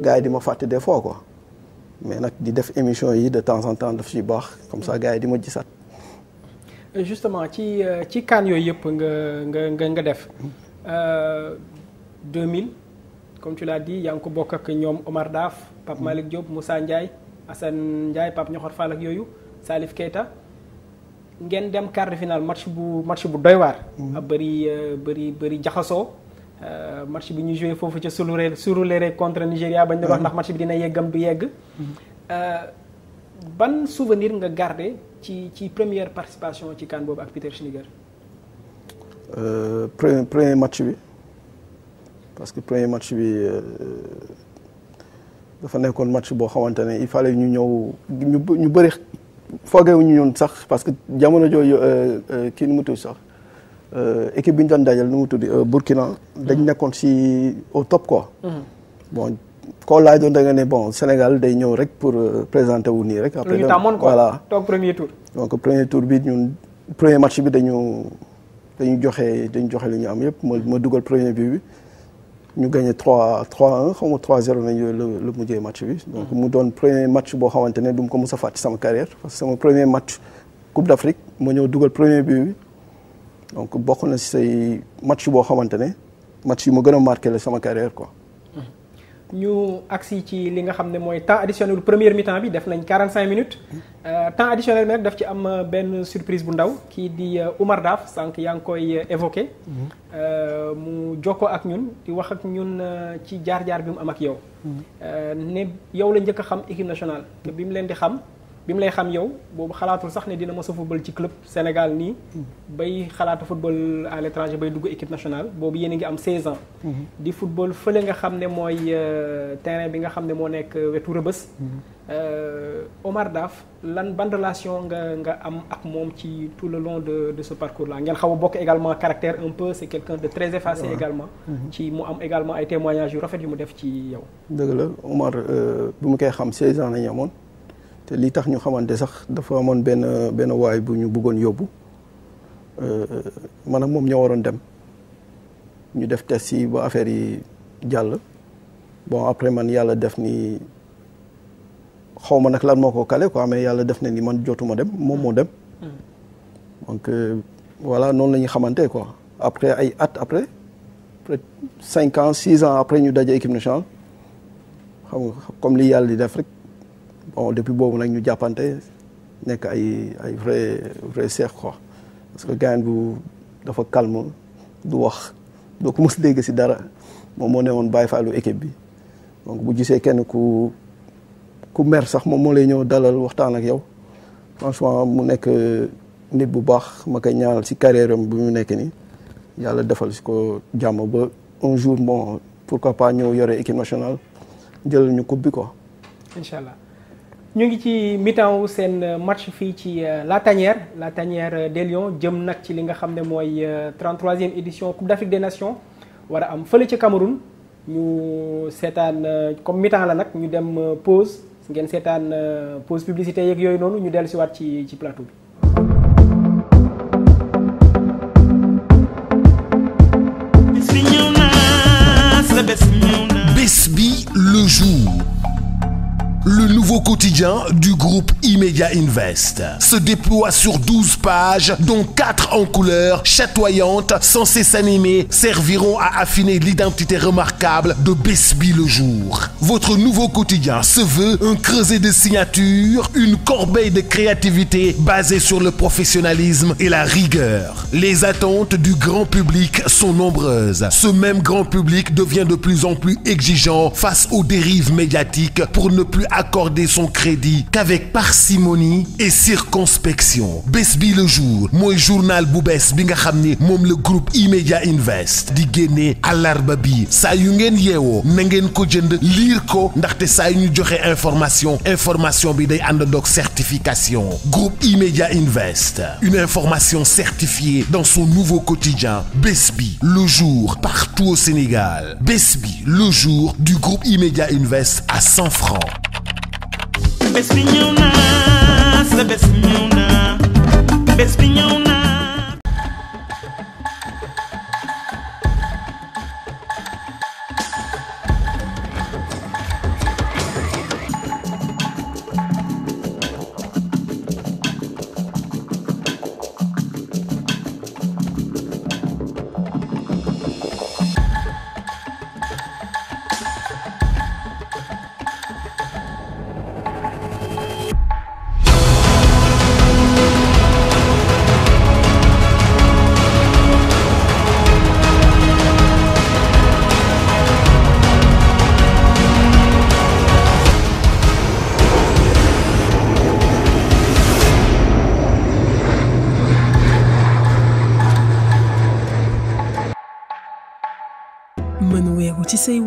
gars yi di ma fàtte des fois quoi mais nag di def émission yi de temps en temps daf ci baax comme ça gars yi di ma gisaat. justement ci euh, ci kan yooyu yëpp nga nga nga nga def 2000 hmm. euh, comme tu l'as dit yaa ngi ko bokk ak ñoom Omar Daaf Pape hmm. Malick Diop Moussa Ndiaye Assane Ndiaye Pape Ñoxor Fall ak yooyu Salif Keita ngeen dem quart de finale match bu match bu doy waar. Hmm. bëri euh, bëri bëri jaxasoo. Euh, match bi ñu joué foofu ca Surulere Surulere contre Nigeria, bañ doon wax ndax match bi dina yeggam du yegg. Euh, ban souvenir nga garder ci ci première participation ci kan boobu ak Peter Schnittger. Euh, premier premier match bi parce que premier match bi dafa nekkoon match boo xamante ne il fallait ñu ñëw ñu ñu bëri foogee ñun sax parce que jamono jooju kii nu mu tudd sax. Euh, équipe bi ñu doon dajal nu tuddi euh, Burkina dañ mm-hmm. nekkoon ci au top quoi mm-hmm. bon quand laaj doon da nga ne bon Sénégal day ñëw rek pour euh, présenter wu rek après voilà premier tour donc premier tour bi ñun premier match bi dañu dañu joxe dañu joxe li ñu am yëpp ma premier but. bi ñu 3 3 1 ou 3 0 nañu le, le, mujjee match bi donc mm-hmm. mu donne premier match boo xamante ne du mu ko sama carrière parce que sama premier match Coupe d'Afrique ma ñëw dugal premier but. bi donc si na say match match ma carrière Nous hmm. avons temps additionnel mi-temps 45 minutes hmm. euh, temps additionnel il am euh, surprise bu dit qu'il di euh, Oumar Il évoqué. Hmm. mu ak ñun di wax ak ñun ci a bi mu am ak yow. équipe nationale. Bim lay xam yow boobu xalaatul sax ne dina mos a football ci club Sénégal nii hmm. bay xalaatu football à l'étranger bay dugg équipe nationale boobu yéen a ngi am 16 ans. Hmm. di football fële nga xam ne mooy euh, terrain bi nga xam ne moo nekk euh, wetu rëbës. Hmm. Euh, Omar Daf lan ban relation nga nga am ak moom ci tout le long de de ce parcours là ngeen xaw a bokk également caractère un peu c'est quelqu'un de très effacé également. ci mu am également ay témoignages yu rafet yu mu def ci yow. dëgg la Omar bu mu koy xam 16 ans la ñu te lii tax ñu xamante sax dafa amoon benn benn waay bu ñu bëggoon yóbbu euh, euh, maanaam moom ñoo waroon dem ñu def test yi ba affaire yi jàll bon après man yàlla def ni xaw ma nag lan moo ko kale quoi mais yàlla def na ni man jotuma dem moom moo dem. Mm. donc euh, voilà noonu la xamante quoi après ay at après peut-être cinq ans après ñu daje équipe nationale xam comme li yàlla di def rek. bon depuis boobu nag ñu jàppante nekk ay ay vrai seex quoi parce que gaañ bu dafa calme du wax doo ko mos dégg si dara moom moo ne woon bàyyi faalu équipe bi donc bu gisee kenn ku ku mer sax moom moo lay ñëw dalal waxtaan ak yow franchement mu nekk nit bu baax ma koy ñaanal si carrière am bu mu nekk nii yàlla defal si ko jàmm ba un jour bon pourquoi pas ñëw yore équipe nationale jëlal ñu coupe ko quoi. ñu ngi ci en temps seen euh, match fii ci euh, La Tanière La Tanière euh, des Lions jëm nag ci li nga 33e édition Coupe d'Afrique des Nations war a am fële ci Cameroun ñu avons comme mi la nag ñu dem pause ngeen pause publicité yeeg yooyu noonu ñu dellu si waat ci ci plateau bi. bés bi le jour le nouveau quotidien du groupe Imedia Invest, se déploie sur 12 pages, dont 4 en couleur chatoyante, censées s'animer, serviront à affiner l'identité remarquable de Besby le jour. Votre nouveau quotidien se veut un creuset de signatures, une corbeille de créativité basée sur le professionnalisme et la rigueur. Les attentes du grand public sont nombreuses. Ce même grand public devient de plus en plus exigeant face aux dérives médiatiques pour ne plus accorder son crédit qu'avec parcimonie et circonspection Besbi le jour moi journal Boubès, le groupe Immedia Invest di Alarbabi. Alarbabi, bi saa yu ngeen Narte na ko information information bi day certification groupe IMEDIA Invest une information certifiée dans son nouveau quotidien Besbi le jour partout au Sénégal Besbi le jour du groupe Immedia Invest à 100 francs bés bi ñëw bés bés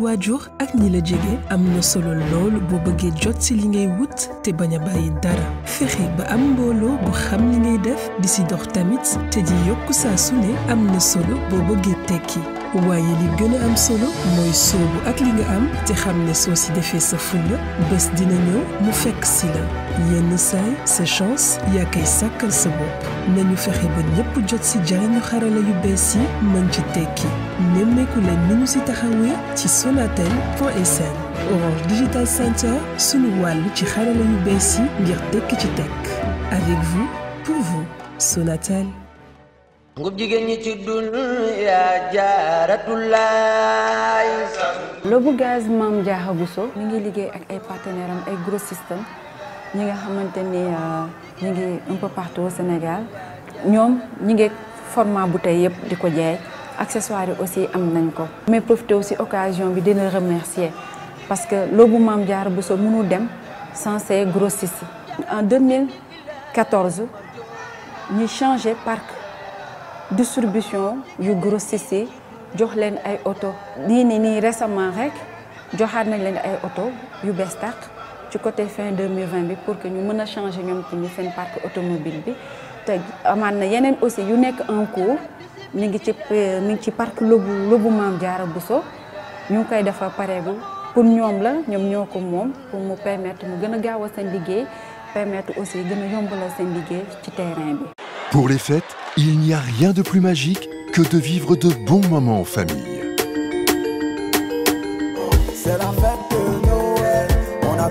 waajur ak ñi la jege am na solo lool boo bëggee jot ci li ngay wut te bañ a bàyyi dara fexe ba am mbooloo bu xam li ngay def di si dox tamit te di yokk saa su ne am na solo boo bëggee tekki waaye li gën a am solo mooy soobu ak li nga am te xam ne soo si sa des bés dina ñëw mu fekk si la yenn saay sa chance sàkkal sa nañu fexe ba yu ci ci sonatel Orange Digital Center sunu Wall, ci xarala yu bees ngir tekki avec vous pour vous Sonatel ngub jigéen ñi ci dunya jaaratullaay lobu gaz maam Diakha Bousso mi ngi liggéey ak ay partenaire am ay gros système ñi nga xamante ni euh, ñi ngi un peu partout au Sénégal ñoom ñi ngi format bouteille yëpp di ko jaay aussi am nañ ko mais profité aussi occasion bi dina remercier parce que lobu maam Diakha Bousso mënul dem sans ces grossistes en 2014 ñu changé parc distribution yu grossiste jox leen ay oto nii nii nii récemment rek joxaat nañ leen ay oto yu bees tàq ci côté fin 2020 bi pour que ñu mën a changé ñoom tamit seen parc automobile bi te amaat na yeneen aussi yu nekk en cours mi ngi ci euh, mi ngi ci parc lobu lobu Maam Jaara Bousso ñu ngi koy defar pareegul pour ñoom la ñoom ñoo ko moom pour mu permettre mu gën a gaaw a seen liggéey permettre aussi gën a la seen liggéey ci terrain bi Pour les fêtes, il n'y a rien de plus magique que de vivre de bons moments en famille.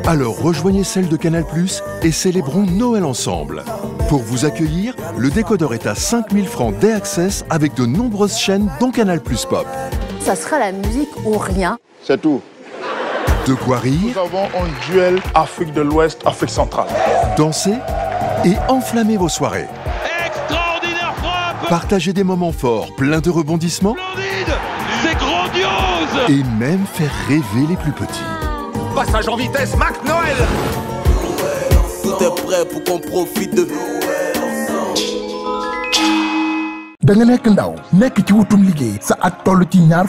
Alors rejoignez celle de Canal ⁇ et célébrons Noël ensemble. Pour vous accueillir, le décodeur est à 5000 francs d avec de nombreuses chaînes dont Canal ⁇ Pop. Ça sera la musique ou rien. C'est tout. De quoi rire. Nous avons un duel Afrique de l'Ouest, Afrique centrale. Dansez et enflammez vos soirées partager des moments forts, pleins de rebondissements. C'est grandiose Et même faire rêver les plus petits. Passage en vitesse, Mac Noël Tout est prêt pour qu'on profite de nous. Dans le ndaw nekk ci wutum liggéey sa at toll ci ñaar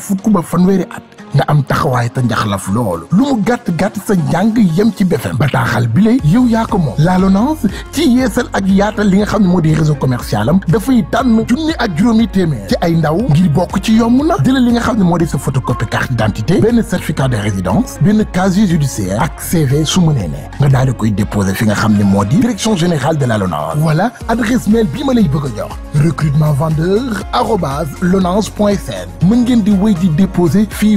nga am taxawaay ta njaxlaf loolu lu mu gàtt-gàtt sa njàng yem ci ba bataaxal bi lay yow yaa ko moom la LONASE ci yeesal ak yaata li nga xam ne moo di réseau commercial am dafay tànn junni ak juróomi téeméer ci ay ndaw ngir bokk ci yomb na li nga xam ne moo di sa photocopie carte d'identité benn certificat de résidence benn casier judiciaire ak CV su mënee ne nga daal di koy déposer fi nga xam ne moo di direction générale de la voilà adresse mail bi ma lay bëgg a jox recrutement vendeur arrobase lonance point mën ngeen di wéy di déposer fii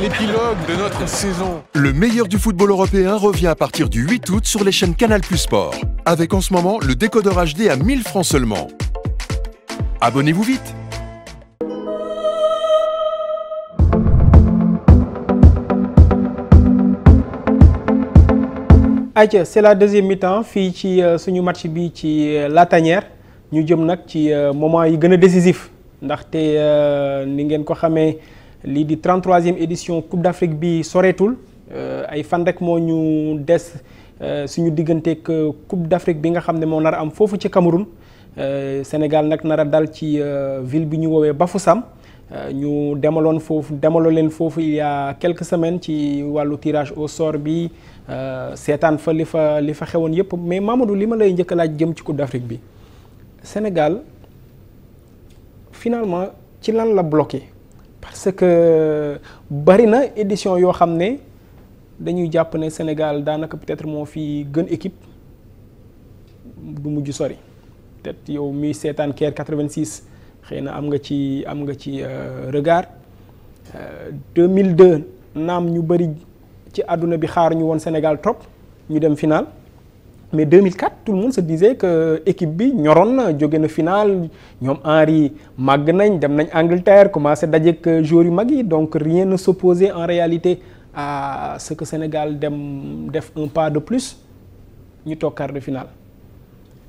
l'épilogue de notre saison. Le meilleur du football européen revient à partir du 8 août sur les chaînes Canal Plus Sport. Avec en ce moment le décodeur HD à 1000 francs seulement. Abonnez-vous vite c'est la deuxième mi-temps ci euh, match bi ci euh, la euh, moment décisif li di 33e édition Coupe d'Afrique bi soreetul euh, ay fan rek moo ñu des euh, suñu digganteeg euh, Coupe d'Afrique bi nga xamné mo moo nar am fofu ci Cameroun Sénégal nak nara dal ci ville bi ñu wowe Bafoussam ñu demaloon foofu demaloo leen fofu il y a quelques semaines ci walu tirage au sort bi seetaan fa li fa li fa xewoon yépp mais Mamadou li ma lay njëkk laaj jëm ci Coupe d'Afrique bi Sénégal finalement ci lan la bloqué parce que Barina na édition yo xam dañuy japp ne Sénégal danaka peut-être mo fi gën équipe du mujj sori peut-être yow mi seetaan Caire 86 xeyna am nga ci am nga ci euh, regard 2002 euh, nam ñu bari ci aduna bi xaar ñu won Sénégal trop ñu dem final mais 2004 tout le monde se disait que l'équipe bi ñoroon na finale, na finale. ñoom Henry màgg nañ dem nañ Angleterre commencé yu donc rien ne s'opposait en réalité à ce que Sénégal dem def un pas de plus ñu au quart de finale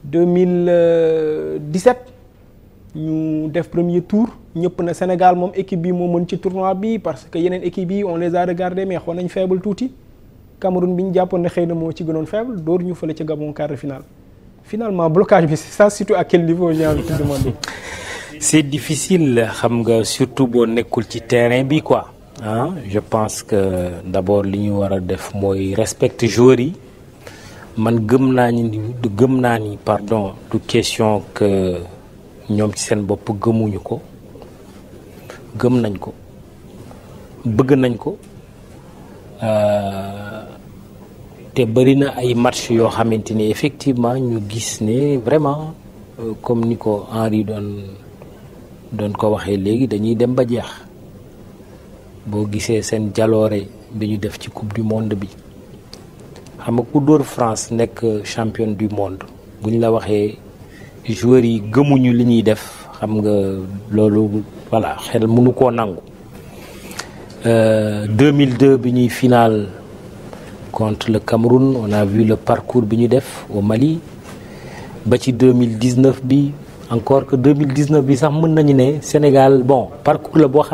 2017 ñu def premier tour ñëpp na Sénégal mom équipe bi moo mën ci tournoi bi parce que yenen équipe bi on les a regardés mais xon nañ faible touti Cameroun bi ñu jàppoon ne xëy na ci gënoon faible door ñu fële ci Gabon quart de finale finalement blocage bi ça surtout à quel niveau j'ai envie de demander. c'est difficile xam nga surtout bo nekkul ci terrain bi quoi. ah je pense que d'abord li ñu wara a def moy respecter joueur yi man gëm naa ni gëm naa ni pardon du question que ñom ci sen bop gëmuñu ko gëm nañ ko bëgg nañ ko. Euh, te na ay match yoo effectivement ñu gis vraiment euh, comme ni ko Henri doon ko waxee léegi dañuy dem ba jeex boo gisee seen def coupe du monde bi xam ku France nekk champion du monde buñ la waxee joueurs yi gëmuñu li def xam nga voilà xel mënu koo nangu 2002 euh, bi ñuy final contre le Cameroun on a vu le parcours Binidef def au Mali ba 2019 bi encore que 2019 bi sax Sénégal bon parcours le Bois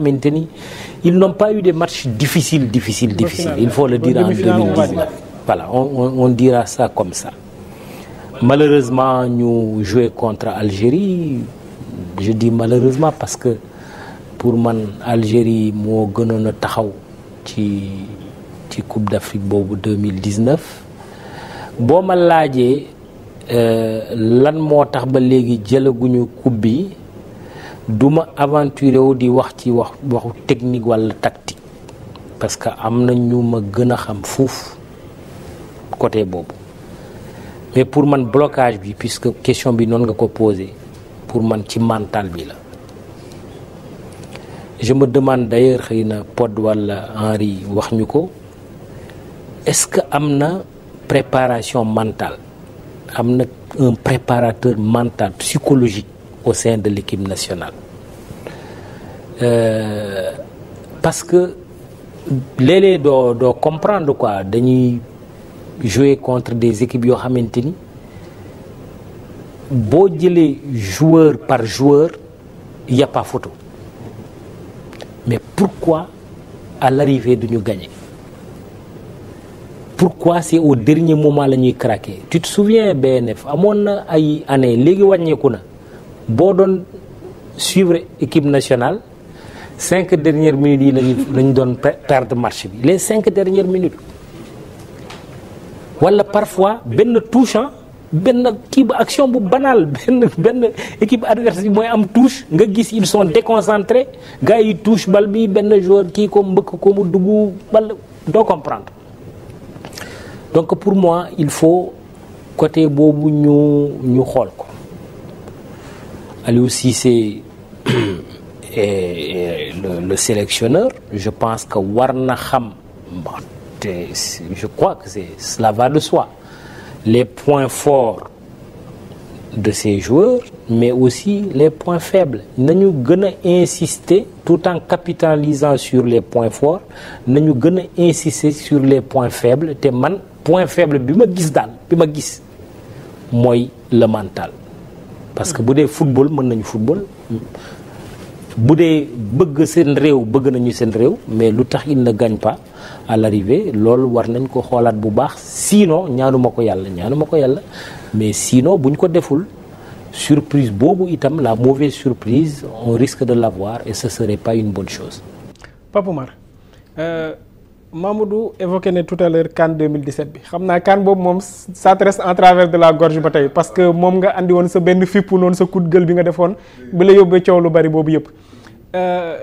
ils n'ont pas eu des matchs difficiles difficiles difficiles il faut le dire en 2019 voilà on, dira ça comme ça malheureusement nous jouons contre Algérie je dis malheureusement parce que pour man Algérie moi, Coupe d'Afrique Bobo 2019 Si je suis lan moo tax ba je jëlaguñu coupe bi du ma aventuré wu di wax ci wax la technique tactique parce que nous sommes ñu ma gën xam côté Bobo mais pour le blocage puisque puisque question bi non nga pour man ci mental je me demande d'ailleurs si na Pod walla Henri wax est-ce que a préparation mentale un préparateur mental psychologique au sein de l'équipe nationale euh, parce que l'élève doit comprendre quoi de jouer contre des équipes yo xamante Si joueur par joueur il n'y a pas photo mais pourquoi à l'arrivée de nous gagner pourquoi c'est au dernier moment que nous craqué tu te souviens BNF à mon année suivre équipe nationale cinq dernières minutes yi match les cinq dernières minutes Voilà parfois ben touche Ben équipe action banale. banal Ben équipe adverse am touche ils sont déconcentrés gars touche joueur comprendre donc pour moi il faut côté ait ñu ñu xool ko et le, sélectionneur je pense que Warnaham, je crois que c'est cela va de soi les points forts de ces joueurs mais aussi les points faibles Nous devons insister tout en capitalisant sur les points forts nous devons insister sur les points faibles point faible bi ma gis daal bi ma gis mooy le mental parce que bu dee football mën nañu football bu dee bëgg seen réew bëgg nañu seen réew mais lu tax il ne gagne pas à l'arrivée loolu war nañ ko xoolaat bu baax sinon ñaanuma ko yàlla ñaanuma ko yàlla mais sinon buñ ko deful surprise boobu itam la mauvaise surprise on risque de l'avoir et ce serait pas une bonne chose Mar, euh... Mamadou évoquait na tout à l'heure Cannes 2017 bi xam naa CAN boobu moom en travers de la gorge bataille parce que mom nga andi won sa benn fippu non sa coup de gueule bi nga defone bi la yobé ciow lu bari yépp. Euh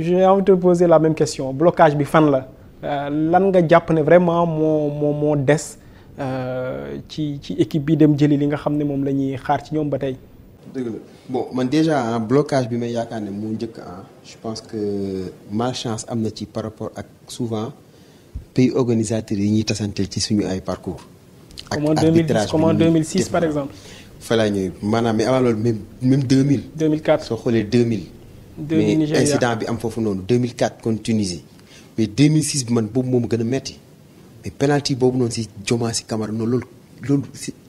j'ai envie de te poser la même question blocage bi fan la euh, lan nga japp né vraiment mo mo dess euh ci ci équipe bi dem jëli li nga xamné mom lañuy xaar ci ñom ba bon man déjà un ah, blocage bi may yaakaar ne moo njëkk ah, je pense que malchance chance ci par rapport ak souvent pays organisateurs yi ont tasanteel ci suñu ay parcours. ak arbitrage comme en 2006 par exemple. fa laa mais même même 2000. 2004 soo xoolee 2000. 2000 incident bi am fofu 2004 contre Tunisie mais 2006 man boobu moom gëna metti mais penalty boobu non ci Djoma ci Camara non loolu loolu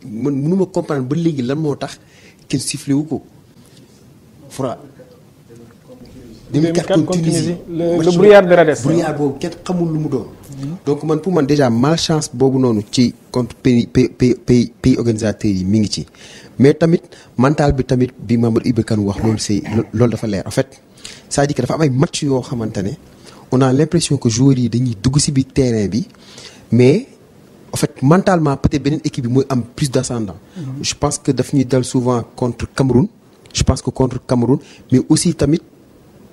man mënu ma comprendre ba légui lan mo tax sifflé le de hein. donc man pour déjà malchance contre pays pays pays organisateurs mais tamit mental bi tamit c'est en fait ça dit que la match on a l'impression que mais en fait mentalement peut-être une équipe qui a plus d'ascendant mhm. je pense que Daphne est dal souvent contre Cameroun je pense que contre Cameroun mais aussi tamit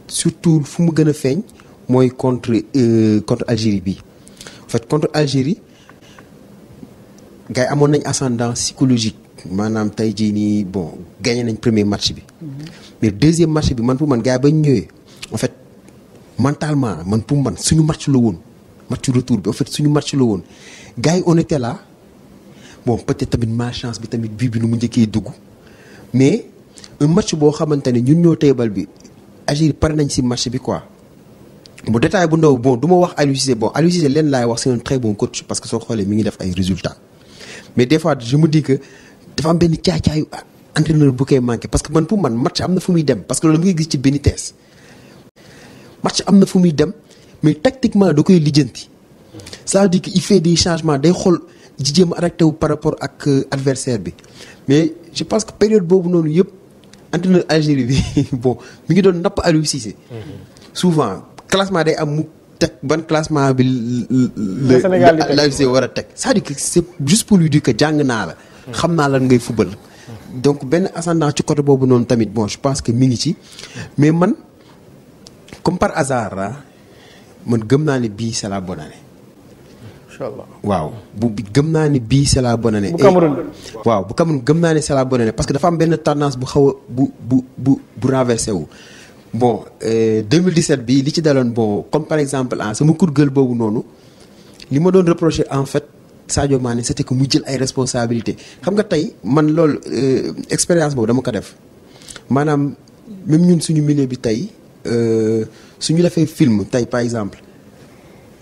surtout le mu gën moi contre euh, contre Algérie bi en fait contre Algérie gars y a un ascendant psychologique Manam Taïdjini, bon gagné nañ premier match bi mhm. mais deuxième match bi man pour moi, gars yi bañ en fait mentalement man pour man suñu match la woon match retour bi en fait suñu match la woon gars on était là bon peut-être tamit malchance bi tamit bii bi nous mu njëkkee dugg mais un match boo xamante ne ñun ñoo teebal bi agir pare nañ si match bi quoi. bu détail bu ndaw bon du ma wax Aliou bon Aliou Cissé leen laay wax c'est un très bon coach parce que soo xoolee mi ngi def ay résultats mais des fois je me dis que dafa am benn caacaayu entraîneur bu koy manqué parce que man pour man match am Fumi fu muy dem parce que le mi ngi gis ci Benitez match am Fumi fu muy dem mais tactiquement da koy lijjanti ça veut dire qu'il fait des changements des xool di jéem par rapport ak euh, adversaire bi mais je pense que période boobu noonu yëpp entraîneur Algérie bi bon mi ngi doon napp Aliou Cissé souvent classement day am mu teg classement bi la Cissé war a ça veut dire que c'est juste pour lui dire que jàng n'a la xam naa lan ngay football donc ben ascendant ci côté bobu non tamit bon je pense que mi ngi ci mais man comme par hasard ah, man gëm naa ne c'est la bonne année incha waaw bu gëm naa ne bii c'est la bonne année. bu Cameroun eh, waaw bu Cameroun gëm naa ne c'est la bonne année parce que dafa am benn tendance bu xaw a bu bu bu bu renversé wu. bon 2017 eh, bi li ci daloon bon comme par exemple ah sama kurgël boobu noonu li ma doon reproché en fait Sadio Mané c'était que mu jël ay responsabilités xam nga tey man loolu eh, expérience boobu dama ko def maanaam même ñun suñu milieu bi tey suñu defee film tey par exemple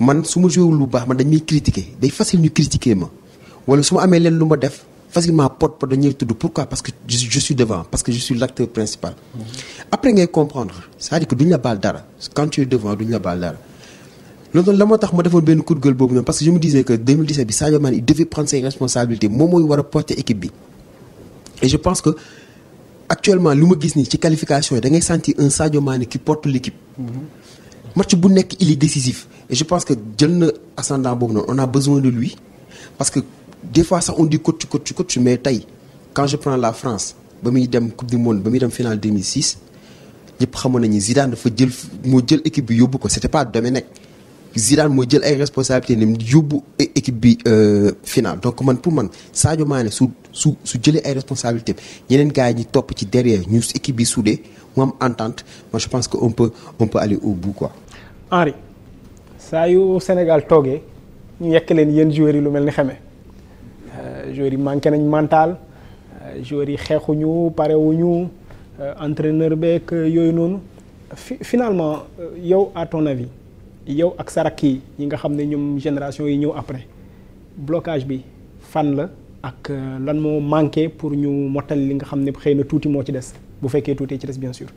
man su ma lu bax man dañuy critiquer day facile ñu critiquer ma wala su amé amee luma ma def facilement porte pot dañuy tudd pourquoi parce que je suis devant parce que je suis l'acteur principal après ngay comprendre c'est-à-dire que duñ la bal dara quand tu es devant duñ la bal dara de la motax tax ma defoon benn coup de gueule parce que je me disais que 2017 bi Sadio Mané il devait prendre ses responsabilités moom moy wara porter équipe bi et je pense que actuellement luma ma gis nii ci qualification da ngay sentir un Sadio Mané qui porte l'équipe mm-hmm match bu il est décisif et je pense que jël ascendant on a besoin de lui parce que des fois ça on dit coach coach coach mais taille quand je prends la France ba muy la coupe du monde ba muy la finale 2006 je prends que Zidane faut jël modèle jël équipe bi yóbbu ko c'était pas Domenech Zidane modèle jël ay responsabilités ne yóbbu e-, équipe euh, finale donc man pour man Sadio Mané su su su il ay responsabilités un gars qui est top derrière nous équipe bi soudée mu entente moi je pense que on peut on peut aller au bout quoi. Henri ça yu Sénégal toogee ñu yekk a yéen joueurs yi lu mel ni xeme euh, joueurs yi un nañ mental euh, joueurs yi xeexuñu parewuñu euh, entraîneur beeg yooyu noonu finalement yow à ton avis yow ak qui yi ñi nga xam génération yi ñëw après blocage bi fan la ak lan mo manqué pour ñu mottali li nga xam ne xëy na tuuti moo ci des bu fekkee tuuti ci des bien sûr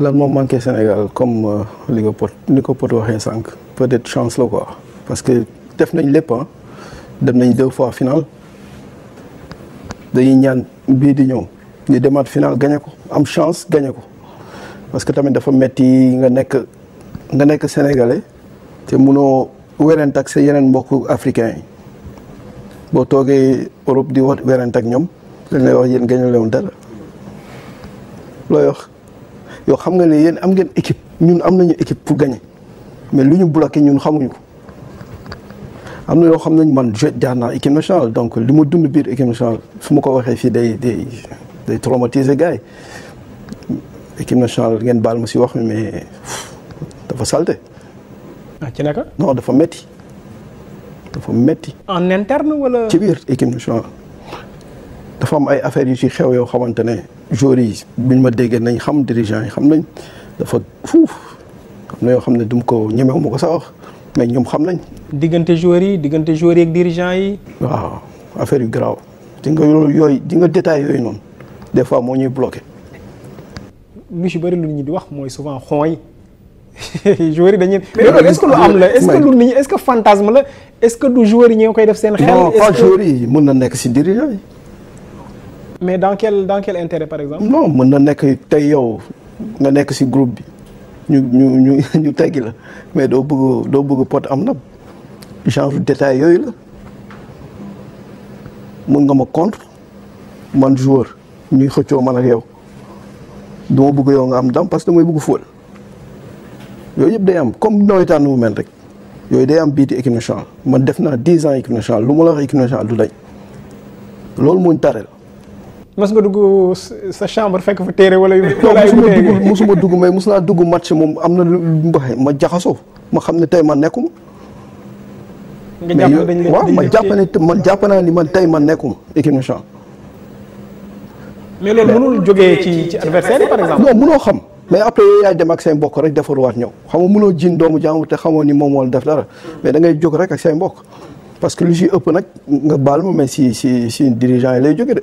lan moom manqué Sénégal comme euh, li ko pot ni ko pot waxee sànq peut-être chance la quoi parce que def nañ lépp dem nañ deux fois final dañuy ñaan bii di ñëw ñu demaat final gañe ko am chance gañe ko parce que tamit dafa metti nga nekk nga nekk sénégalais te munoo werante ak sa yeneen mbokk africains yi boo toogee Europe di wat werante ak ñoom dañ lay wax yéen gagné dara. looy wax yow xam nga ne yéen am ngeen équipe ñun am nañu équipe pour gagner mais lu ñu bloqué ñun xamuñu ko am na yoo xam nañu man je jaar naa équipe nationale donc li ma dund biir équipe nationale su ma ko waxee fii day day day traumatiser gars yi équipe nationale ngeen baal ma si wax mais dafa salte ah ci naka. dafa metti dafa metti en interne wala. ci biir équipe nationale. دفعم أي أثر يجي خاوي أو خمن تنا جوري بين مدة جنا يخم دريجان يخم نين دفع فوف نا يخم ندم كو نيمه مو كساخ ما نيم خم نين دين تجوري دين تجوري يك دريجان يي آه أثر يغراو دين كو يو يو دين كو ديتاي يو ينون دفع موني بلوك مش بري لوني دوا موي سوفان خوي joueur dañu mais est ce que lu am la est ce que lu nit est ce que fantasme la est ce que du joueur mais dans quel dans quel intérêt par exemple. non suis na yow groupe bi ñu ñu ñu ñu mais bëgg suis bëgg pot am genre détail détails. contre man joueur ñuy suis je ne pas yow nga am parce que bëgg comme nous mu mel rek day am équipe nationale man def ans équipe nationale mas nga dugg sa chambre fekk fa téere wala yu. musuma dugg musuma dugg mais match moom am na lu mbaxe ma jaxasoo ma xam ne tey man nekkuma. nga jàpp dañ leen ma jàpp ne man jàpp naa ni man tey man nekkuma équipe nationale. mais loolu mënul jógee ci ci adversaire yi par exemple. xam mais après yooyu yaay dem ak say mbokk rek defaruwaat ñëw xam nga mënoo jiin doomu jàmm te xamoo ni moom moo def dara mais da ngay jóg rek ak say mbokk parce que lu si ëpp nag nga baal ma mais si si si dirigeant yi lay jóge de.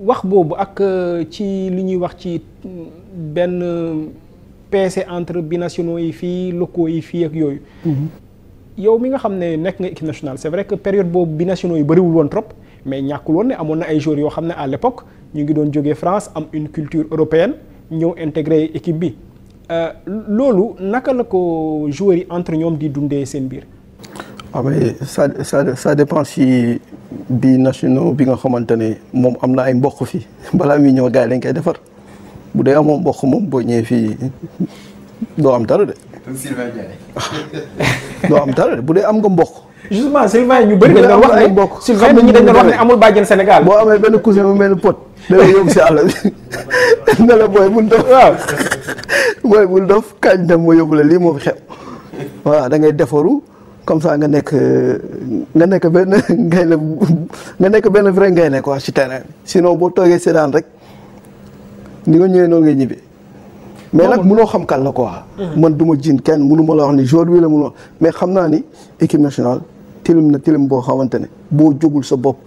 wax bobu ak euh, ci li ñuy wax ci mm, ben euh, PC entre binationaux yi fi locaux yi fi ak yoyu mm-hmm. yow mi nga xam nek nga équipe nationale c'est vrai que période binational, binationaux yi wul won trop mais ñàkkul won ne amon na ay joueurs yo xam à l'époque ñu ngi doon joggé France am une culture européenne ñeu intégré équipe bi euh, loolu naka la ko joueurs yi entre ñom di dundé seen biir. ah mais ça ça ça dépend si bi nationaux bi nga xamante ne moom ay mboq fi balaa muy ñëw gars yi koy defar bu dee amoo mboq moom boo ñëwee am dara de. am dara bu dee am nga mboq. justement Sylvain ñu bëri dañ wax ne mboq Sylvain ñi dañ wax amul Sénégal. cousin mel pot. dana yóbbu si àll bi ne la booy bul dof waaw booy bul kañ dem ma xew da ngay comme ça nga nekk nga nekk benn gaynde nga nekk benn vrai gaynde quoi ci terrain sinon boo toogee seetaan rek ni nga ñëwee noonu ngay ñibbi. mais nag mënoo xam kan la quoi. Mm-hmm. man du jiin kenn mënu la wax ni jour bii la mënoo mais xam naa ni équipe nationale tilim na tilim boo xamante ne boo jógul sa bopp.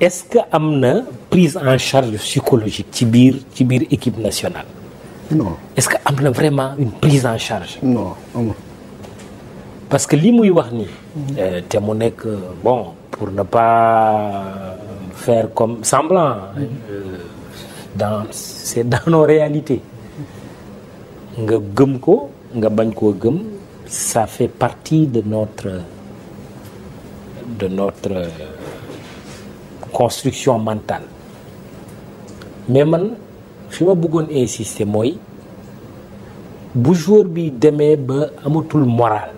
est-ce que amna prise en charge psychologique Tibir équipe nationale. non est-ce que y vraiment une prise en charge. non parce que li muy wax que euh, euh, bon pour ne pas euh, faire comme semblant. dans c'est dans nos réalités. nga gëm ko ça fait partie de notre de notre construction mentale mais man fi ma bëggoon insister mooy bu jour bi demee ba amatul moral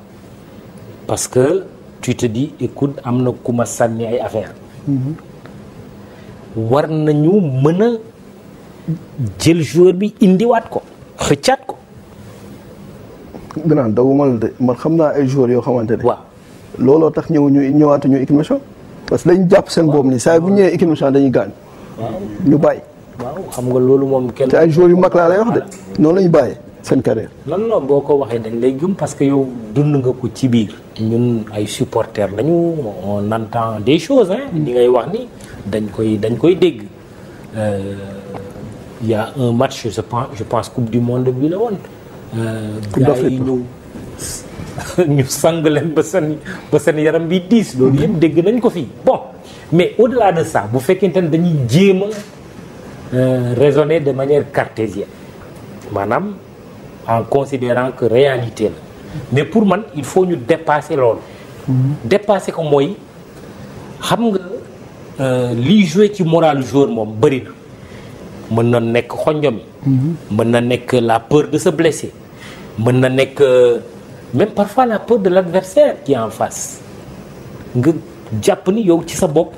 parce que tu te dis écoute am na ku ma ay affaire mm-hmm. war nañu mën a jël jour bi indiwaat ko xëccaat ko grand dawuma de man xam naa ay joueurs yoo xamante ne waaw looloo tax ñëw ñu ñëwaatuñu équipe parce que dañu jàpp seen boobu nii saa bu ñëwee équipe nationale dañuy gaañ. ñu bàyyi. waaw xam nga loolu moom kenn. te ay joueurs yu mag laa lay wax de noonu la ñu bàyyee seen carrière. non non boo ko waxee dañ lay jum parce que yow dund nga ko ci biir. ñun ay supporters lañu on entend des choses hein. ngay wax ni dañ koy dañ koy dégg. Euh, y a un match je pense je pense coupe du monde bi la woon. Euh, coupe yi ñëw ñu sang leen ba seen ba seen yaram bi diis loolu yëpp dégg nañ ko fi bon mais au-delà de ça bu fekkente ne dañuy jéem a euh, raisonner de manière cartésienne maanaam en considérant que réalité la mais pour man il faut ñu dépasser loolu dépasser ko mooy xam nga euh, liy joué ci moral joueur moom bëri na mën na nekk xonjom yi mhm. mën na nekk la peur de se blesser mën na nekk euh, même parfois la peur de l'adversaire qui est en face nga jàpp yow ci sa bopp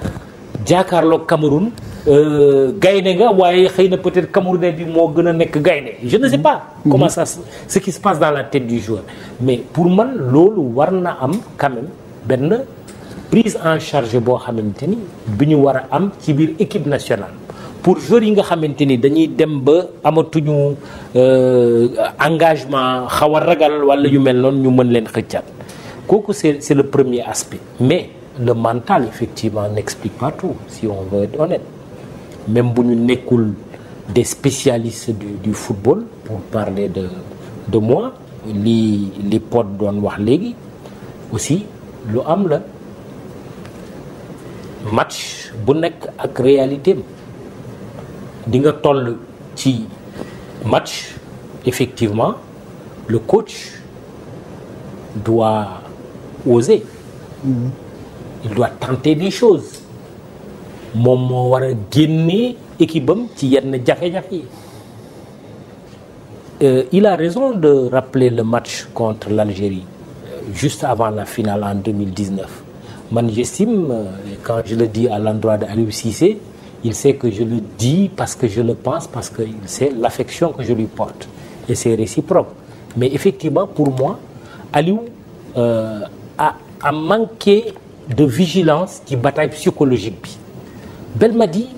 jakarlo Cameroun euh, gayne nga waye xëy peut-être Camerounais bi mo gëna nek nekk je ne sais pas mhm. comment ça ce qui se passe dans la tête du joueur mais pour man lolu warna am quand même benn prise en charge bo xamanteni biñu wara am ci biir équipe nationale pour joueurs yi nga xamanteni dañuy dem ba amatuñu euh, engagement xaw ragal wala yu mel ñu c'est le premier aspect mais le mental effectivement n'explique pas tout si on veut être honnête même si nous nekkul des spécialistes du football pour parler de de moi les potes doivent doon wax légui aussi lu am la match bu nek ak réalité di nga toll ci match effectivement le coach doit oser mm-hmm. il doit tenter des choses ci yenn euh, il a raison de rappeler le match contre l'Algérie euh, juste avant la finale en 2019 man j'estime euh, quand je le dis à l'endroit de l'UCC. Il sait que je le dis parce que je le pense, parce qu'il sait l'affection que je lui porte. Et c'est réciproque. Mais effectivement, pour moi, Aliou euh, a, manqué de vigilance qui bataille psychologique. Belle m'a dit,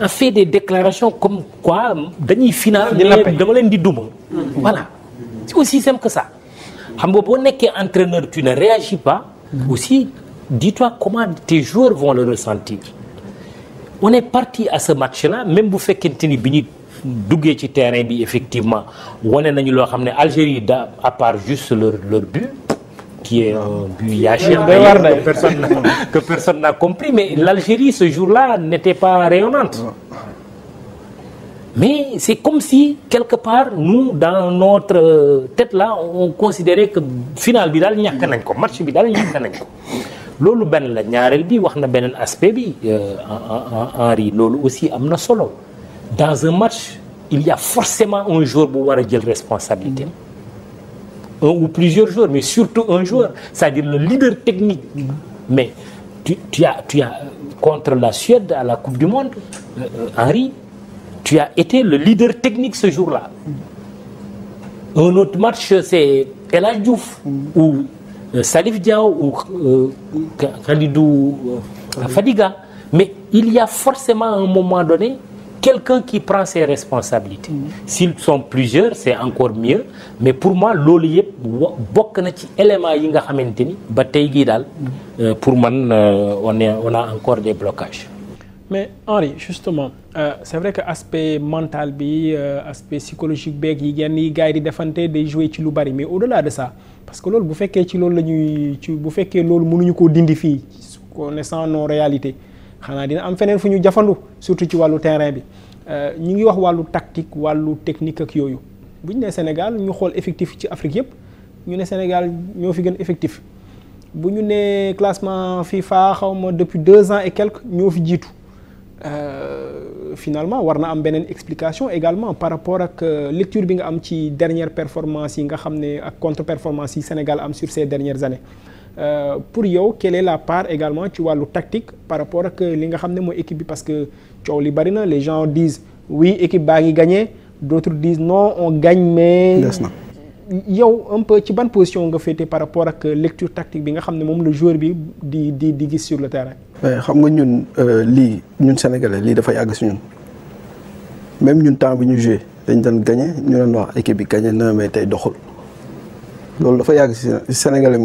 a fait des déclarations comme quoi, Dany final, Voilà. C'est aussi simple que ça. Hambobone entraîneur, tu ne réagis pas. Mm-hmm. Aussi, dis-toi comment tes joueurs vont le ressentir on est parti à ce match-là même bu fekkente ni bi ñu sur terrain bi effectivement on nañu loo à Algérie à part juste leur leur but qui est un but yachère que personne n'a compris mais l'Algérie ce jour-là n'était pas rayonnante mais c'est comme si quelque part nous dans notre euh, tête là on considérait que final bi n'y a qu'un ko match bi n'y a nañ loolu ben la bi Henri euh, loolu aussi am dans un match il y a forcément un jour pour war a jël responsabilité mm-hmm. un ou plusieurs jours, mais surtout un jour. c'est-à-dire le leader technique mm-hmm. mais tu, as tu as contre la Suède à la Coupe du Monde euh, euh, Henri tu as été le leader technique ce jour-là mm-hmm. un autre match c'est El ou euh, Salif Diao ou euh, euh, Khalidou Fadiga. Mais il y a forcément à un moment donné quelqu'un qui prend ses responsabilités. Mhm. S'ils sont plusieurs, c'est encore mieux. Mais pour moi, loolu yëpp bokk na ci éléments yi nga mhm. pour moi, on a encore des blocages. mais Henri justement c'est vrai que l'aspect mental l'aspect psychologique il y a des gens qui di defante qui jouer ci lu mais au-delà de ça parce que loolu bu fekkee ci loolu lañuy ci bu fekkee loolu mënuñu ko dindi fi connaissant nos réalités xana dina am fenen fuñu jafandu surtout ci walu terrain bi euh, ñi ngi wax walu tactique walu technique ak yoyu bu né Sénégal ñu xol effectif ci Afrique yépp ñu né Sénégal ñoo fi gën effectif buñu né classement FIFA xaw depuis 2 ans et quelques ñoo fi jiitu. Euh, finalement war a am une explication également par rapport ak euh, lecture bi nga am ci dernière performance yi nga ak contre performance yi Sénégal am sur ces dernières années euh, pour yow quelle est la part également vois le tactique par rapport à li nga xamné moy équipe parce que li les gens disent oui équipe a d'autres disent non on gagne mais yow un peu ci position par rapport ak lecture tactique bi nga le joueur sur le terrain. xam nga euh, sénégalais même ñun temps bi ñu jouer dañ avons gagné ñu wax équipe bi gagné na mais sénégalais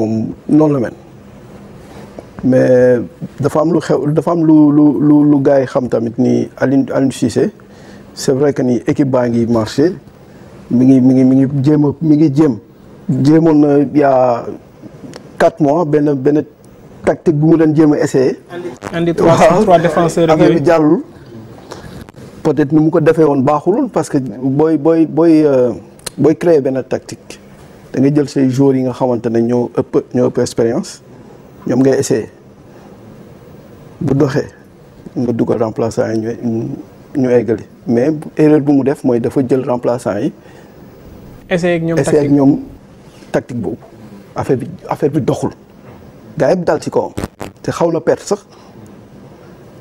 mais c'est vrai que ni équipe marché. mingi mingi mingi ngi mingi ngi jéem a mi na il y mois ben ben tactique bu mu len jéem essayer. andi trois trois défenseurs yooyu affaire bi peut-être ni mu ko defee woon baaxul parce que boy boy boy boy euh, créer ben tactique da nga jël ces joueurs yi nga xamantene ne ñoo ëpp ñoo ëpp expérience ñom ngay essayer bu doxé nga duggal remplaçant ñu ñu égalé mais erreur bu mu def moy dafa jël remplaçant yi. essayé ak ñoom essayé ak ñoom tactique boobu affaire bi affaire bi doxul gars yi dal ci kawam te xaw na perte sax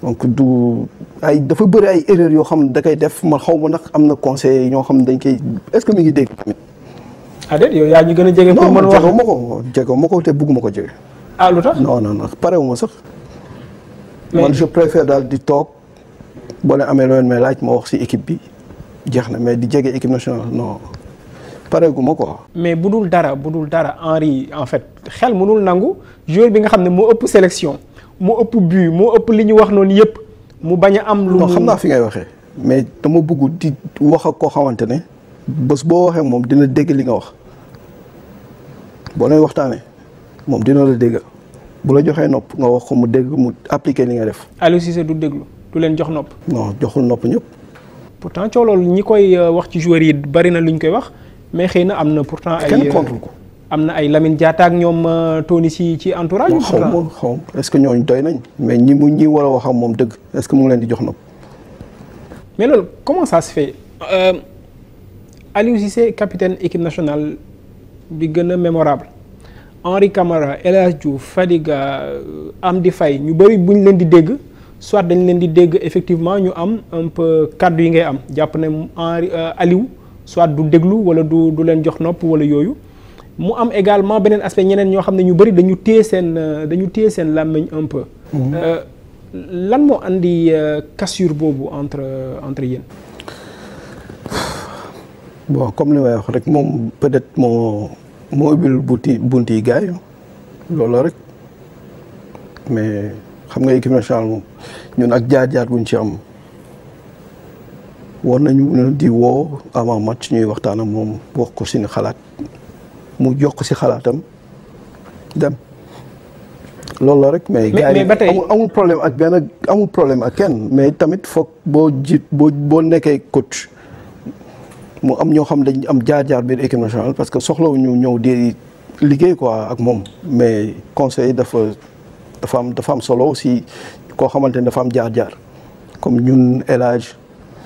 donc du ay dafa bëri ay erreurs yoo xam ne da koy def ma xaw ma ndax am na conseil yoo xam dañ koy est-ce que mi ngi dégg tamit. ah déet yow ñu gën a jege. pour mën wax non ma ko jege ma ko te bëgguma ko jege. ah lu tax non non non parewuma sax. man je préfère daal di toog boo leen amee loolu may laaj ma wax ci équipe bi jeex na mais di jege équipe nationale quoi. mais bu dara dara Henry en fait xel mënul nangou joueur bi nga xamné mo sélection mo but mo liñu wax non yépp mu baña am. lu non xamna fi ngay waxé mais dama vous di wax ak bo mom dina dégg li nga wax dina la dégg bu la nga wax ko mu dégg mu appliquer li nga def. Aliou Cissé du du len jox nop non joxul nop ñëpp. pourtant tu loolu ñi koy euh, wax ci joueur yi bari na koy mais xëy amna pourtant ay kenn euh, contre ko am ay Lamine diata ak ñom euh, Tony si ci entourage. xaw ma xaw est ce que ñoo doy nañ. mais ñi mu ñi wala wax ak moom dëgg est ce que mu ngi leen di jox nopp. mais lol comment ça se fait euh, Aliou Cissé capitaine équipe nationale bi gëna mémorable Henri Camara El Diouf Fadiga euh, Amdi Faye ñu bari buñ leen di dégg soit dañ leen di dégg effectivement ñu am un peu kaddu yi ngay am japp ne Henri Aliou soit du déglu wala du du len jox nop wala yoyu mu am également benen aspect ñeneen ño xamne ñu bari dañu téye sen euh, dañu téye sen làmmiñ un peu. Mhm. Euh, lan mo andi euh, cassure bobu entre entre yéen. bon comme li may wax rek mom peut-être mo mobile ubbil bunti bunti lolo rek mais xam nga équipe nationale moom ñun ak jaar-jaar buñ ci am. war nañu mun a di woo avant match ñuy waxtaan ak moom wax ko suñu xalaat mu jox ko si xalaatam dem. loolu la rek mais. gars yi amul problème ak benn amul problème ak kenn mais tamit foog boo jiit boo boo nekkee coach mu am ñoo xam dañ am jaar-jaar biir équipe nationale parce que soxlawuñu ñëw di liggéey quoi ak moom mais conseil dafa dafa am dafa am solo aussi koo xamante ne dafa am jaar-jaar comme ñun élage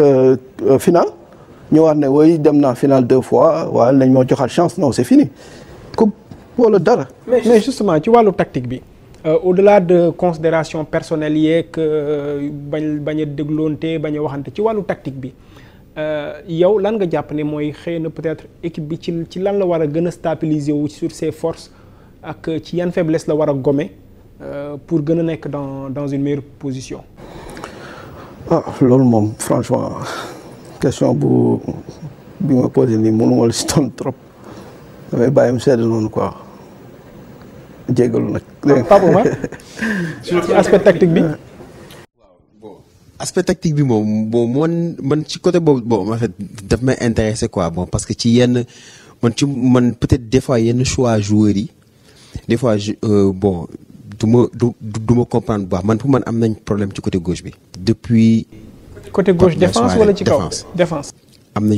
Euh, euh, final nous avons ne woy dem final deux fois nous avons eu la chance non c'est fini coupe le dara. mais justement tu vois le tactique bi. Euh, au-delà de considération personnelle que bañ bañ a dégloonte bañ a waxante ci wàllu tactique bi yow lan nga jàpp ne mooy xëy peut-être équipe bi ci lan la war a stabiliser wu sur ses forces ak ci yan faiblesse la war a gommer pour gagner dans dans une meilleure position ah lol, mom, franchement question pour bi ma posé ni mon ma la si tontu trop damay bàyyi mu sedd non quoi nak. nag. Ah, Pape Oumar ci aspect tactique bi. aspect tactique bi mom bon mon man ci côté boobu bon en fait daf may intéressé quoi bon parce que ci yenn man ci man peut-être des fois yenn choix joueurs yi des fois euh, bon. Je comprends comprendre problème du côté gauche depuis. côté gauche défense ou défense.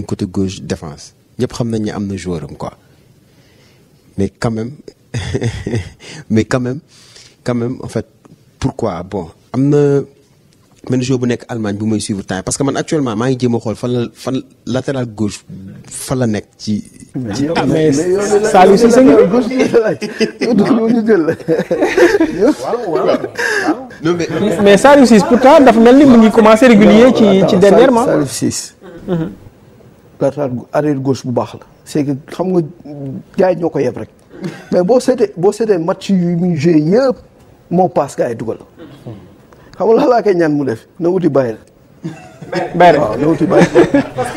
côté gauche défense ne joueur mais quand même mais quand même quand même en fait pourquoi bon benn jour bu nekk Allemagne bu may suivre temps parce que man actuellement maa ngi jéem a xool fan la fan latéral gauche fan la nekk ci. ah mais Saliou Cissé mais Saliou Cissé pourtant dafa mel ni mu commencé régulier ci ci dernièrement. Saliou Cissé. Mhm. latéral bu baax la. c'est xam nga gars yi ñoo ko yeb rek. mais boo seetee boo seetee match yu yëpp moo paas gars yi xam nga laa koy ñaan mu def na wuti bayil. bayil na wuti bayil.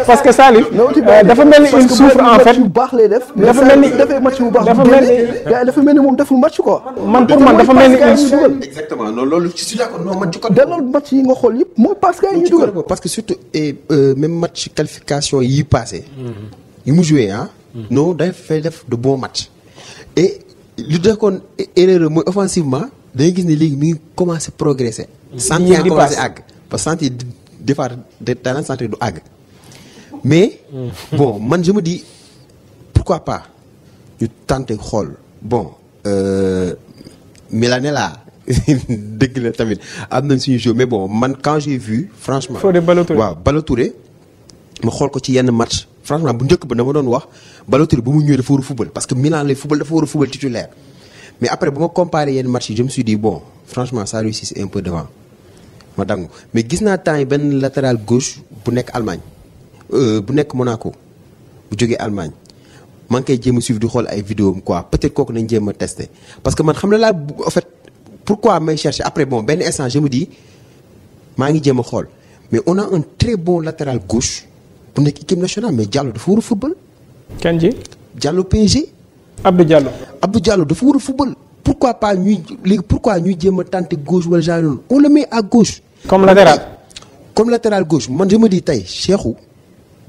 parce que Salif euh, dafa mel ni une souffre en fait baax lay def dafa mel ni dafay match bu baax dafa mel ni gars yi dafa mel ni moom deful match quoi man pour man dafa mel ni une dugal exactement non loolu ci si d'accord non man ci ko delloo match yi nga xool yëpp mooy parce que ñu dugal parce que surtout euh, même match qualification yi passé yi mu joué ah non dafay def de bon match et li defoon erreur mooy offensivement dañuy gis ne léegi mi ngi commencé progresser. Mm. sant yaa ngi commencé àgg parce que sant yi des fois daan sant du àgg. mais mm. bon man je me dis pourquoi pas ñu tenter xool bon. Euh, Milanella dëgg la tamit am nañ suñu jeu mais bon man quand j'ai vu franchement. Fodé Ballo-Touré waaw ballo ma xool ko ci yenn match franchement bu njëkk ba dama doon wax Ballo-Touré ba mu ñëwee dafa war a fubal parce que Milan lay football dafa war a fubal titulaire mais après bu comparer à yenn match je me suis dit bon franchement ça réussit un peu devant Madame. mais gis naa temps latéral gauche pour nekk Allemagne pour euh, Monaco bu Allemagne maa ngi koy je suivre du xool ay vidéo quoi peut-être qu'on nañ me tester. parce que man ne la en fait pourquoi je chercher après bon ben instant je me dis je vais me mais on a un très bon latéral gauche pour nekk équipe nationale mais Diallo de war football. kan Diallo PSG. Abdou Diallo Abdou Diallo football pourquoi pas lui? pourquoi lui jéem tante gauche ou le noonu on le met à gauche. comme latéral comme latéral gauche man je me dis tey Cheikhou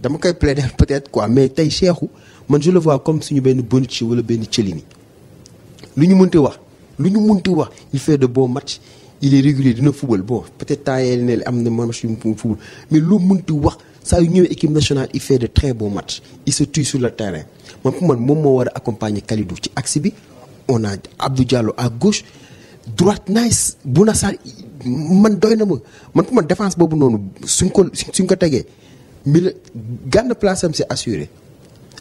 dama koy plaider peut-être quoi mais tey Cheikhou man je le vois comme si benn Bonucci wala benn ou lu ñu Lui, wax lu ñu mënti wax il fait de bons matchs il est régulier dans le football bon peut-être temps yii un am na match pour mu football mais lu mënti wax. Sa yu équipe nationale il fait de très bons matchs il se tue sur le terrain Moi, pour moi, moom moo accompagner Kalidou ci axe bi on a Abdou Diallo à gauche droite nice Bouna Sarr man doyna mo man pour man défense bobu nonu suñ ko suñ ko tegee mille gànn place am c'est assuré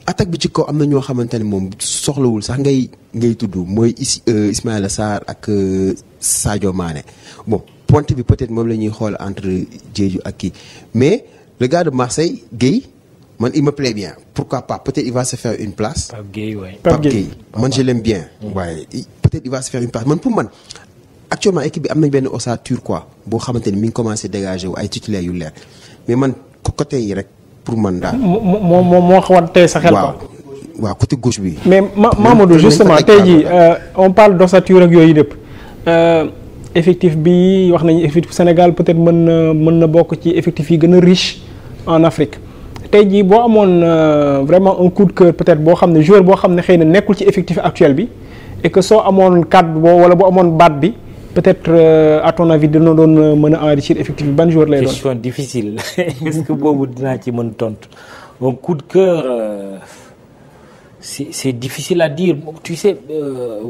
attaque bi ci ko amna ño ñoo mom soxlawul sax ngay ngay tuddu moy euh, Ismaïla Sarr ak euh, Sadio Mané bon pointe bi peut-être mom lañuy xol entre Djéju ak ki mais. Le gars de Marseille, Gay, man, il me plaît bien. Pourquoi pas Peut-être il va se faire une place. Pas Gay, ouais. Pape, Gay. Gay. Man, je l'aime bien. Mmh. Ouais. Peut-être il va se faire une place. Man, pour moi, actuellement, l'équipe bi am nañ ossature quoi. Bon, xamante ni mi ngi à dégager ou ay titulaires le leer. Mais man, côté yi rek, pour man daal. moi moi moo xaw tey sa xel quoi. waaw côté gauche bi. mais Mamadou justement tey euh, on parle d'ossature ak yooyu Euh, effectif bi wax nañu effectif Sénégal peut-être que na mën na ci effectif riche en Afrique Tay dit bo amone euh, vraiment un coup de cœur peut-être bo xamné joueur bo xamné xeyna nekul ci effectif actuel bi et que à mon cadre ou wala bo amone bat bi peut-être euh, à ton avis de nous donner un enrichir effectif Bonjour ban joueur lay question difficile est-ce que bobu dinaa ci mën tontu un coup de cœur euh, c'est difficile à dire tu sais euh,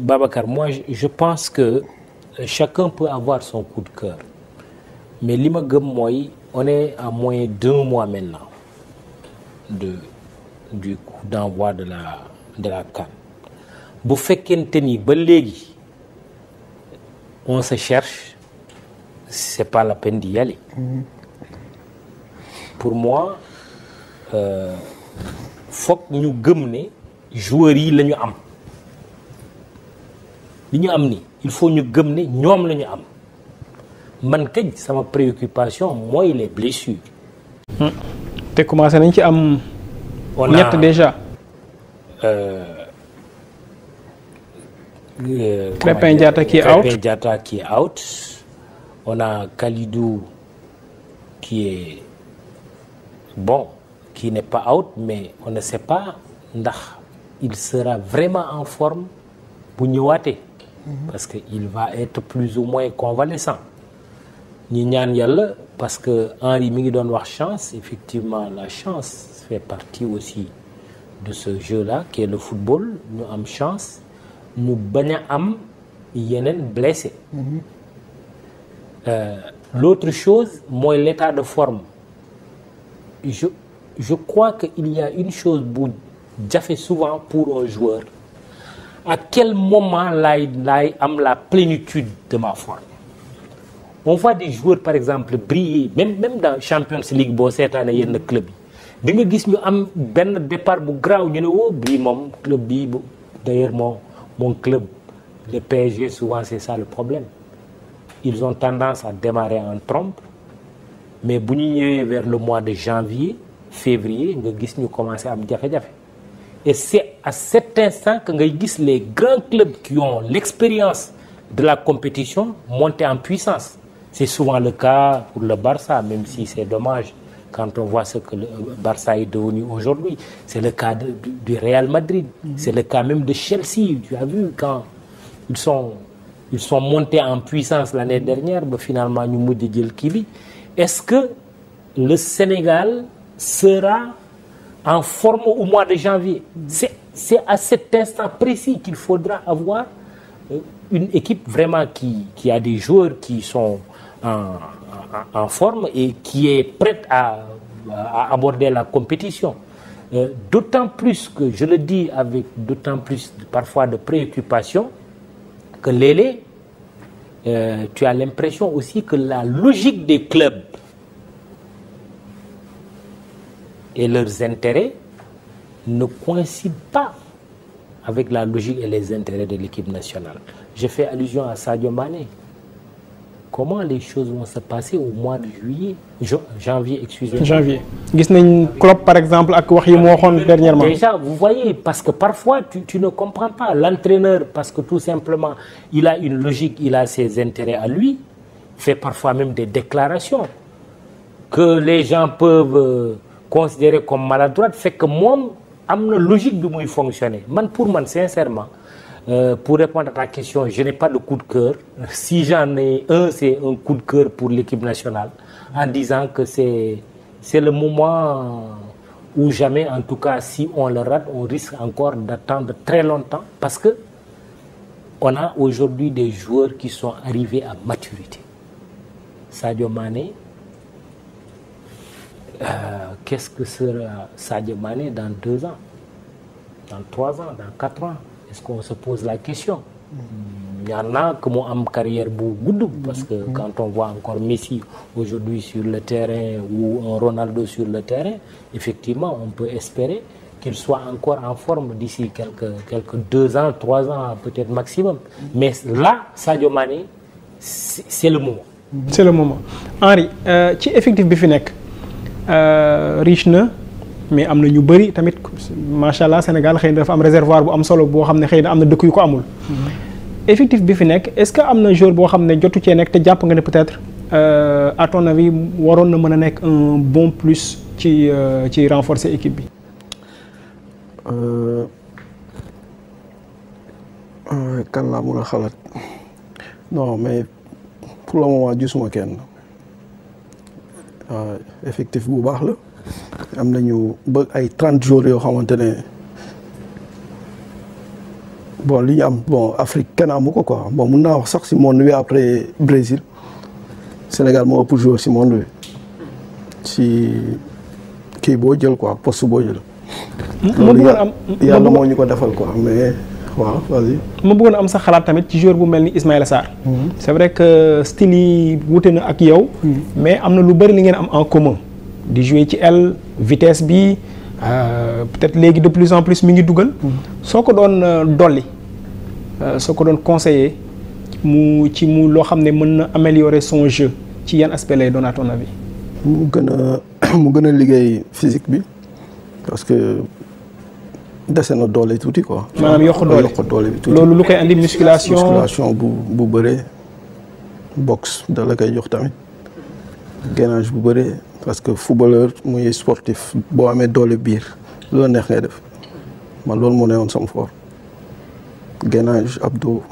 Babacar moi je pense que chacun peut avoir son coup de cœur mais li ma gëm moy on est à moins d'un mois maintenant de, du coup d'envoi de la, de la canne. bu fekkente ni ba léegi on se cherche c'est pas la peine d'y aller mm-hmm. pour moi euh, faut ñu gëm ne joueurs yi la am li am ni il faut ñu gëm nous ñoom les ñu am man ma sama préoccupation moy les blessures. Hmm. te commencé nañ ci am. ñett déjà. Euh, euh, Crépin qui est out Crépin qui out. On a Kalidou qui est bon, qui n'est pas out, mais on ne sait pas ndax il sera vraiment en forme pour aider. Mhm. Parce qu'il va être plus ou moins convalescent parce que Henri mi ngi la chance effectivement la chance fait partie aussi de ce jeu-là qui est le football Nous avons chance Nous avons am blessé mhm. euh, l'autre chose moi l'état de forme je crois qu'il y a une chose j'ai fait souvent pour un joueur à quel moment là la plénitude de ma forme on voit des joueurs par exemple briller même même dans Champions League boo sétane yenn club bi di nga gis ñu am ben départ bu graw ñu ne woo oh, club bi d'ailleurs mon mon club le PSG souvent c'est ça le problème ils ont tendance à démarrer en trompe mais bu vers le mois de janvier février nga gis ñu commencé am jafé jafé et c'est à cet instant que les grands clubs qui ont l'expérience de la compétition monter en puissance c'est souvent le cas pour le Barça, même si c'est dommage quand on voit ce que le Barça est devenu aujourd'hui. C'est le cas du Real Madrid, mhm. c'est le cas même de Chelsea. Tu as vu quand ils sont, ils sont montés en puissance l'année dernière, mais finalement, nous le Kili. Est-ce que le Sénégal sera en forme au mois de janvier mhm. C'est à cet instant précis qu'il faudra avoir euh, une équipe vraiment qui, qui a des joueurs qui sont en, forme et qui est prête à, aborder la compétition. Euh, d'autant plus que, je le dis avec d'autant plus parfois de préoccupation, que l'élé, euh, tu as l'impression aussi que la logique des clubs et leurs intérêts ne coïncident pas avec la logique et les intérêts de l'équipe nationale. J'ai fait allusion à Sadio Mané comment les choses vont se passer au mois de juillet janvier excusez-moi janvier par exemple dernièrement déjà vous voyez parce que parfois tu, ne comprends pas l'entraîneur parce que tout simplement il a une logique il a ses intérêts à lui fait parfois même des déclarations que les gens peuvent euh, considérer comme maladroites fait que moi, j'ai une logique de fonctionner man pour moi, sincèrement euh, pour répondre à ta question, je n'ai pas de coup de cœur. Si j'en ai un, c'est un coup de cœur pour l'équipe nationale, en disant que c'est, c'est le moment où jamais, en tout cas, si on le rate, on risque encore d'attendre très longtemps parce que on a aujourd'hui des joueurs qui sont arrivés à maturité. Sadio Mane euh, qu'est-ce que sera Sadio Mane dans deux ans, dans trois ans, dans quatre ans qu'on se pose la question Il y en a qui ont une carrière beaucoup parce que mhm. quand on voit encore Messi aujourd'hui sur le terrain ou Ronaldo sur le terrain, effectivement, on peut espérer qu'il soit encore en forme d'ici quelques, quelques deux ans, trois ans, peut-être maximum. Mais là, Sadio Mane, c'est le moment. C'est le moment. Henri, qui euh, es effectif bi fi euh, riche mais amna ñu bari tamit machallah Sénégal xëy dafa am réservoir bu am solo bo, xamné ne amna am dëkk yu ko amul. Mm-hmm. effectif bi fi nek est-ce que amna joueur bo xamné ne jotu cee nekk te jàpp nga ne peut-être euh, à ton avis waron na mëna nek un bon plus ci euh, ci renforcer équipe bi. Euh, kan la mun a non mais pour le moment gisuma kenn effectif bu baax la am nañu ba ay 30 jours yoo xamantene bon li ñu am bon Afrique kenn amu ko quoi bon mun naa wax sax si monde bi après Brésil Sénégal moo ëpp joueur si monde bi si kii boo jël quoi poste boo jël. ma am yàlla moo ñu ko defal quoi mais waaw vas-y. ma bëggoon am sa xalaat tamit ci joueur bu mel ni Ismaïla Sarr. Mhm. c'est vrai que style yi wute na ak yow. Mhm. mais am na lu bari li ngeen am en commun di jouer ci L vitesse bi euh peut-être légui de plus en plus mi ngi dougal mm-hmm. soko ko euh, doli soko euh, soo conseiller mu ci mu lo xamné ne mën améliorer son jeu ci yane aspect lay doon à ton avis. mu gëna mu gëna liguey physique bi parce que dese na doli touti quoi. maanaam yokk doole yokk doole bi touti loolu lu koy andi musculation musculation bu bu bëree boxe da la kay jox tamit gainage bu bëree. parce que footballeur muy sportif boo amee doole biir lu neex ngay def man loolu moo ne woon sama fort gainage abdo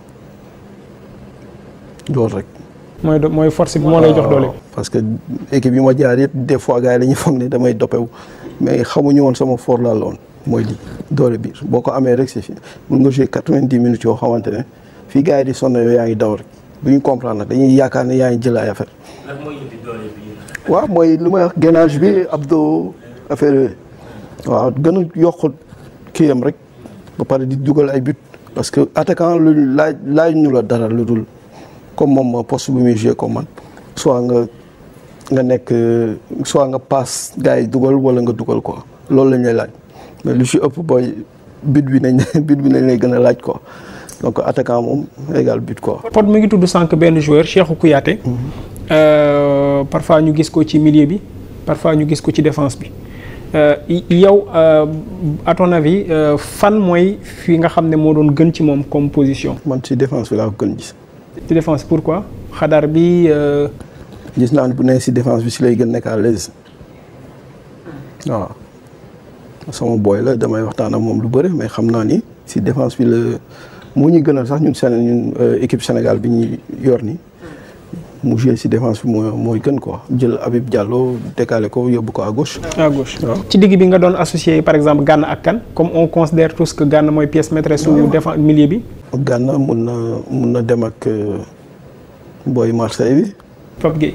loolu rek. mooy do mooy force bi moo lay jox doole. parce que équipe yi ma jaar yëpp des fois gars yi dañuy foog ne damay doppewu mais xamuñu woon sama fort laa la woon mooy lii doole biir boo ko amee rek c'est fini mun nga jouer quatre-vingt-dix minutes yoo xamante ne fii gars yi di sonn yooyu yaa ngi daw rek bu ñu comprendre nag dañuy yaakaar ne yaa ngi jël ay waaw mooy lu may génnage bi abdo affaire waaw gën a yokk kii yam rek ba pare di dugal ay but parce que attaquant lu laaj laaj ñu la dara lu dul comme moom poste bu muy joué comme man soit nga nga nekk soit nga paas gaa yi dugal wala nga dugal ko loolu la ñuy laaj mais lu ci ëpp booy but bi nañ but bi nañ lay gën a laaj quoi donc attaquant moom égal but ko Pod mi ngi tudd sànq benn joueur Cheikhou Kouyaté. Mhm. Euh, parfois ñu gis ko ci milieu bi parfois ñu gis ko ci défense bi euh, yow euh, à ton avis fan moy fi nga xamné mo doon gën ci mom composition man ci défense bi laa ko gën gis. ci défense pourquoi xadar bi. gis naa bu né si défense bi si lay gën nekk à l'aise non sama boy la damay waxtana mom lu bëri mais xamna ni ci défense bi le mo ñu gënal sax ñun sénégal ñun équipe Sénégal bi ñi yor ni mu joué si défense bi moy gën quoi jël abib Diallo décalé ko yóbbu ko à gauche. à gauche ci digg bi nga don associé par exemple Gana ak kan comme on considère tous que Gana moy pièce maîtresse su défense milieu bi. Gana mun na mun na dem ak euh, boy Marseille bi. pap gay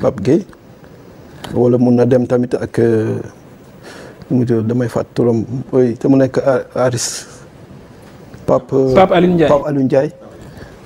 pap gay wala mun na dem tamit ak euh, mu damay fat turam oy te mu nek Aris. pap euh, pap Alioune Ndiaye Pape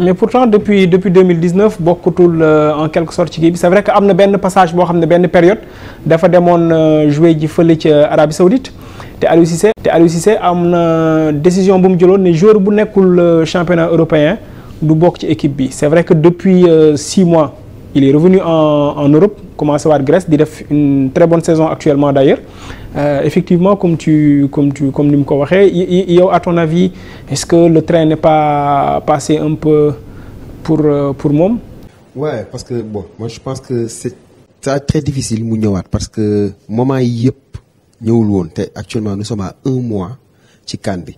mais pourtant depuis depuis 2019 bokkutul euh, en quelque sorte c'est vrai que am na benn passage boo xam périodes benn période dafa des euh, jouer ji fële ci euh, Arabie Saoudite te Aliou Cissé te une décision bu mu jëloon ne bu championnat européen du bokk équipe c'est vrai que depuis six mois il est revenu en, Europe, à voir Grèce, il a une très bonne saison actuellement d'ailleurs. Euh, effectivement, comme tu, comme tu, comme à ton avis, est-ce que le train n'est pas passé un peu pour, euh, pour moi Ouais, parce que bon, moi je pense que c'est très difficile parce que moment yep actuellement nous sommes à un mois ci kan bi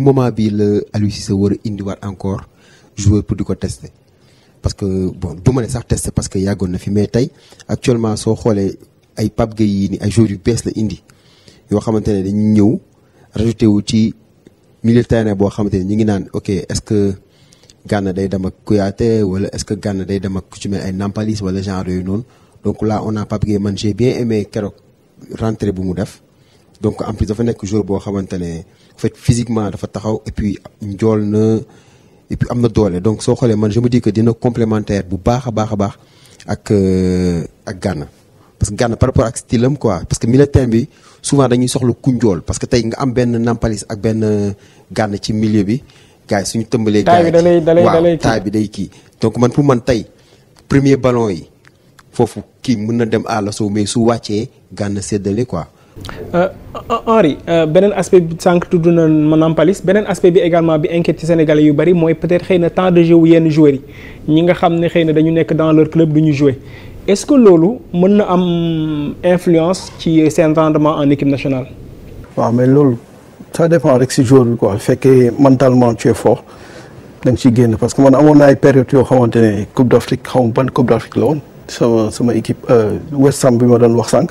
moment encore pour le parce que bon du les ne sax testé parce que yàggoon na fi mais tay actuellement so xolé ay Pape Gueye yi ni ay jour yu bees la indi yo xamantene dañ dañuy ñëw rajouté wu ci milieu terrain boo xamante ne ngi naan ok est-ce que Gana day dama ak wala est-ce que Gana day dama ku ci mel ay Nampalis wala genre yooyu non donc là on a pas Gueye man j'ai bien aimé kérok rentrer bu mu def donc en plus dafa nekk jour boo xamante en fait physiquement dafa taxaw et puis njool na et puis amna na doole donc soo xoolee man je me dis que dina complémentaire bu baax a baax a baax ak euh, ak Ghana parce que Ghana par rapport ak style am quoi parce que milieu bi souvent dañuy soxla kunjool parce que tey nga am benn nampalis ak benn Ghana ci milieu bi gars suñu tëmbalee. gars yi waaw taay bi day kii. donc man pour man tey premier ballon yi foofu kii mën na dem à l'assaut mais su wàccee Ghana séddale quoi. Euh, Henri euh, beneen aspect bi sànq tudd na Nampalys beneen aspect bi également bi inquiète sénégalais yu bari moy peut-être xeyna temps de jeu wu yenn joueurs yi ñi nga xamné xeyna dañu nekk dans leur club duñu jouer est-ce que lolu mën na am influence ci sen rendement en équipe nationale. Ah mais lolu ça dépend rek si joueur quoi. quoi que mentalement tu es fort da ci ciy génn parce que man amoon ay période yo xamante ne Coupe d'Afrique xaw ban Coupe d'Afrique la woon sama sama équipe euh, West Ham bi ma doon wax sank.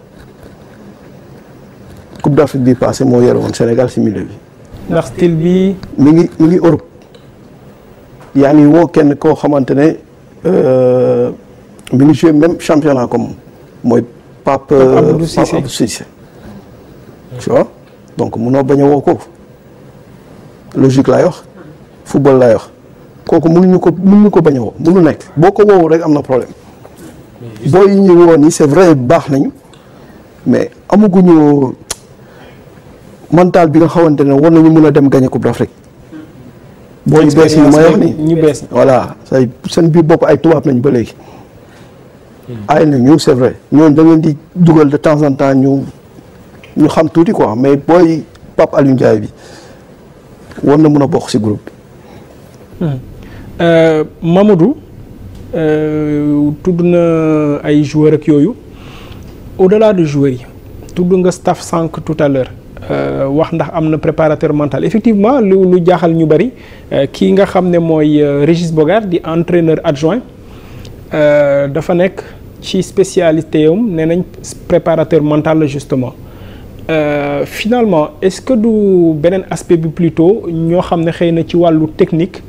coupe d' Afrique bi passé moo yore woon Sénégal si milieu bi. ndax style bi. mi ngi mi ngi Europe yani wo kenn ko xamantene euh mi ngi joué même championnat comme moy Pape Abdou Cissé tu vois donc munoo bañ a woo kooku logique la yox football laay wax kooku mënuñu ko mënuñu ko bañ a woo mënu nekk boo ko rek amna problème boy yi wo ni c'est vrai baax nañu mais amuguñu. mantale bi nga xamante ne war nañu mën a dem gagné coupe d'Afrique boo ñu bees yi may wax ni ñu bees voilà say seen biir bopp ay tubaab nañ ba léegi hmm. ay na ñu c'est vrai ñoom da di dugal de temps en temps ñu ñu xam tuuti ko mais booy Pape Alioune Ndiaye bi war na mun a bokk si group bi hmm. euh, Mamadou euh, tudd na ay joueurs ak yooyu au-delà de joueurs yi tudd nga staff sànq tout à l'heure Euh, wax ndax am na préparateur mental effectivement lu lu jaaxal ñu bari euh, ki nga xam ne mooy euh, Régis di entraîneur adjoint dafa nekk ci spécialité yam nee nañ préparateur mental la justement finalement est-ce que du beneen aspect bi plutôt ñoo xam ne xëy na ci wàllu technique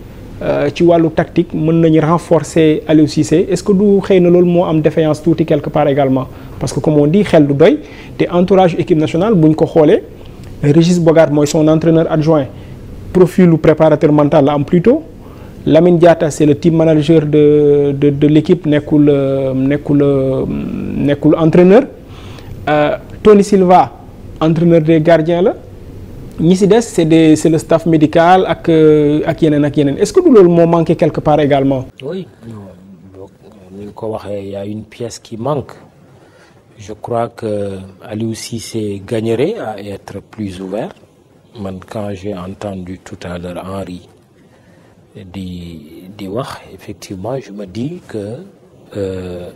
ci wàllu tactique mën nañu renforcer Aliou Cissé est-ce que du xëy na loolu moo am défaillance tuuti quelque part également parce que comme on dit xel du doy te entourage équipe nationale buñ ko xoolee Régis Bogart moi, son entraîneur adjoint profil ou préparateur mental en plus tôt. Lamine Diata, c'est le team manager de de de l'équipe, Nekoul euh, euh, entraîneur euh, Tony Silva entraîneur des gardiens là. c'est le staff médical ak ak est ce que vous le quelque part également. oui il y a une pièce qui manque. Je crois que Aliou Cissé gagnerait à être plus ouvert. quand j'ai entendu tout à l'heure Henri dire, effectivement, je me dis que euh,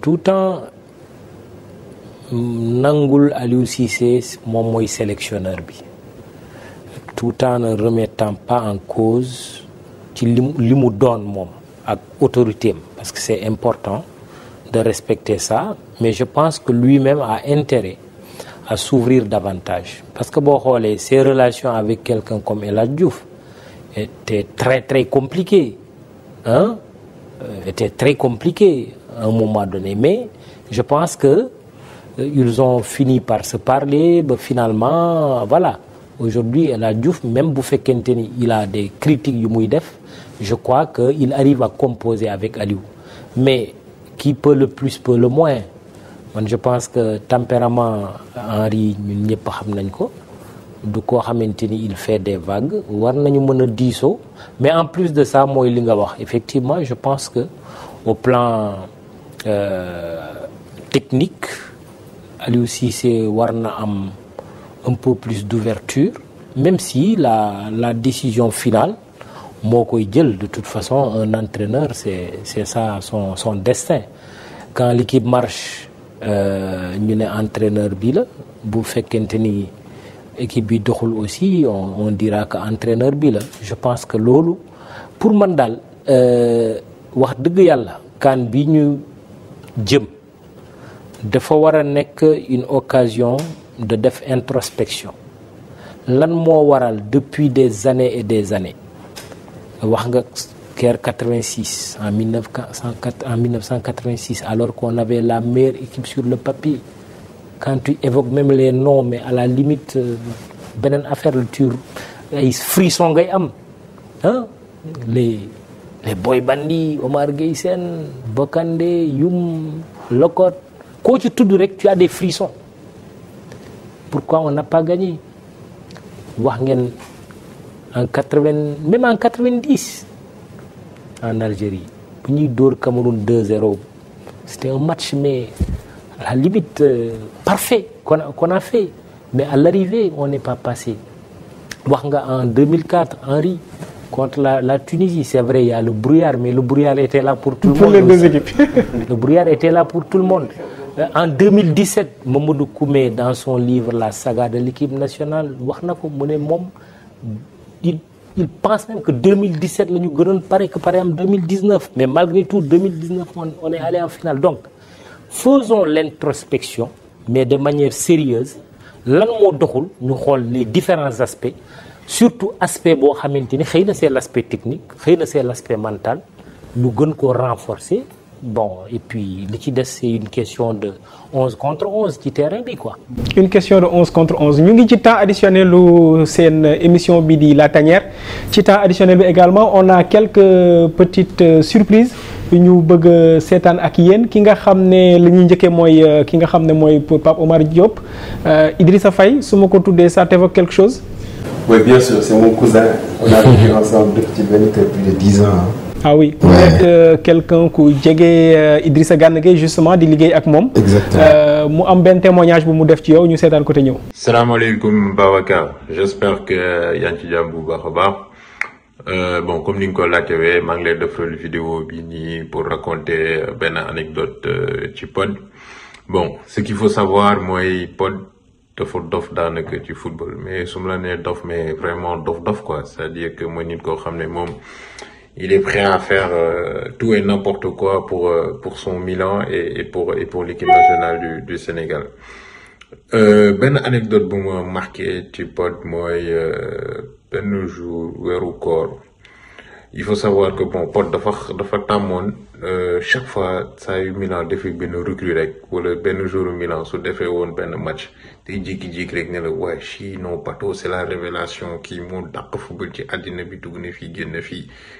tout en nangul Aliou Cissé sélectionneur tout en ne remettant pas en cause ce qu'il donne à l'autorité, parce que c'est important de respecter ça, mais je pense que lui-même a intérêt à s'ouvrir davantage. Parce que bon, ses relations avec quelqu'un comme Elad étaient très très compliquées. Hein? Euh, était très compliquées à un moment donné. Mais je pense que euh, ils ont fini par se parler, finalement, voilà. Aujourd'hui, El même Bouffé Kenteni, il a des critiques du Mouidef. Je crois qu'il arrive à composer avec Aliou. Mais qui peut le plus peut le moins je pense que tempérament Henri n'y ne xam du quoi il fait des vagues war nañu mais en plus de ça li nga effectivement je pense que au plan euh, technique il c'est war na un peu plus d'ouverture même si la décision finale de toute façon un entraîneur c'est ça son destin quand l'équipe marche euh, ñu un entraîneur bi la bu ni équipe aussi on, dira que entraîneur bi je pense que Lolo, pour Mandal, daal euh, wax dëgg quand kan bi ñu une occasion de def introspection lan depuis des années et des années wax nga 86 en 1986 alors qu'on avait la meilleure équipe sur le papier quand tu évoques même les noms mais à la limite euh, Benin affaire hein? les les Boy Bandi Omar Geisen, Bokande Youm Lokot tu ci tudd tu as des frissons pourquoi on n'a pas gagné en 80 même en 90 en Algérie Dor Cameroun 2-0 c'était un match mais à la limite euh, parfait qu'on a, fait mais à l'arrivée on n'est pas passé en 2004 Henri contre la, Tunisie c'est vrai il y a le brouillard mais le brouillard était là pour tout le monde pour les deux équipes le brouillard était là pour tout le monde euh, en 2017 Mamadou Koumé dans son livre La saga de l'équipe nationale il, pense même que 2017 le ñu que pareil en 2019 mais malgré tout 2019 on, est allé en finale donc faisons l'introspection mais de manière sérieuse lan nous doxul ñu les différents aspects surtout aspect l'aspect technique l'aspect mental nous gën koo renforcer Bon, et puis l'Équipe c'est une question de 11 contre 11 qui terrain quoi. une question de 11 contre 11 Nous ngi ci temps additionnel c'est une émission bi la tanière ci temps additionnel également on a quelques petites euh, surprises Nous avons un ak yéen ki nga xam ne li ñuy njëkkee mooy euh, ki nga pour Pape Omar Diop euh, Idrissa Faye sur mot ko ça t'évoque quelque chose. oui bien sûr c'est mon cousin. on a vécu ensemble depuis plus de 10 ans. Hein ah oui quelqu'un été euh, Idrissa Gana justement di liggéey ak moi. exactement euh, mu am benn témoignage bu mu def ci yow ñu côté de nous. Salam alaikum Babacar j'espère que Yanti ngi ci Euh, bon comme ni nga ko je vais vous vidéo bi pour raconter une anecdote euh, ci pod bon ce qu'il faut savoir mooy pod dafa dof dans ci football mais su ma la nee dof mais vraiment dof dof quoi c'est-à-dire que moi, nit je xam il est prêt à faire euh, tout et n'importe quoi pour euh, pour son Milan et, et pour et pour l'équipe nationale du, du Sénégal. Ben anecdote bu moi marqué ci pod ben euh, benn jour au corps. il faut savoir que bon pod dafa dafa tàmmoon chaque fois saa eu Milan défait ben recrue rek wala ben jour Milan su defee woon ben match te jékki-jékki rek ne le waaye si non Pato c'est la révélation qui monte d'accord football ci àddina bi dugg na fii génn fii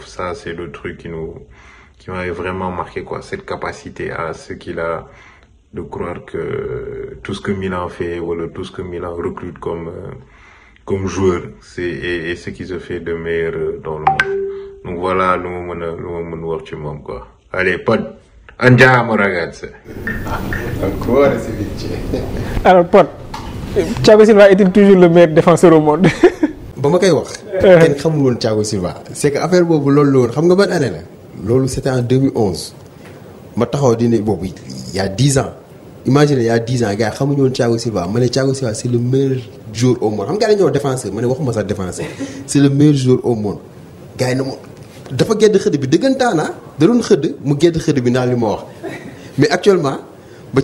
ça c'est le truc qui nous qui vraiment marqué quoi cette capacité à ce qu'il a de croire que tout ce que Milan fait tout ce que Milan recrute comme euh, comme joueur c'est et, ce qui se fait de meilleur dans le monde donc voilà nous nous, nous quoi allez pas Andiamo ragazze. Ancora si vince. Alors Pod, Thiago Silva est toujours le meilleur défenseur au monde ba ma wax euh. ken xamul won Thiago Silva c'est que affaire bobu loolu won, xam nga ban année la loolu c'était en 2011 ma taxaw di ne bobu il y a 10 ans imaginez il y a 10 ans gars yi won Thiago Silva Mané Thiago Silva c'est le meilleur joueur au monde xam nga gars yi défenseur mané waxuma sa défenseur c'est le meilleur joueur au monde gars yi na dafa gedd xëdd bi mu gedd mais actuellement ba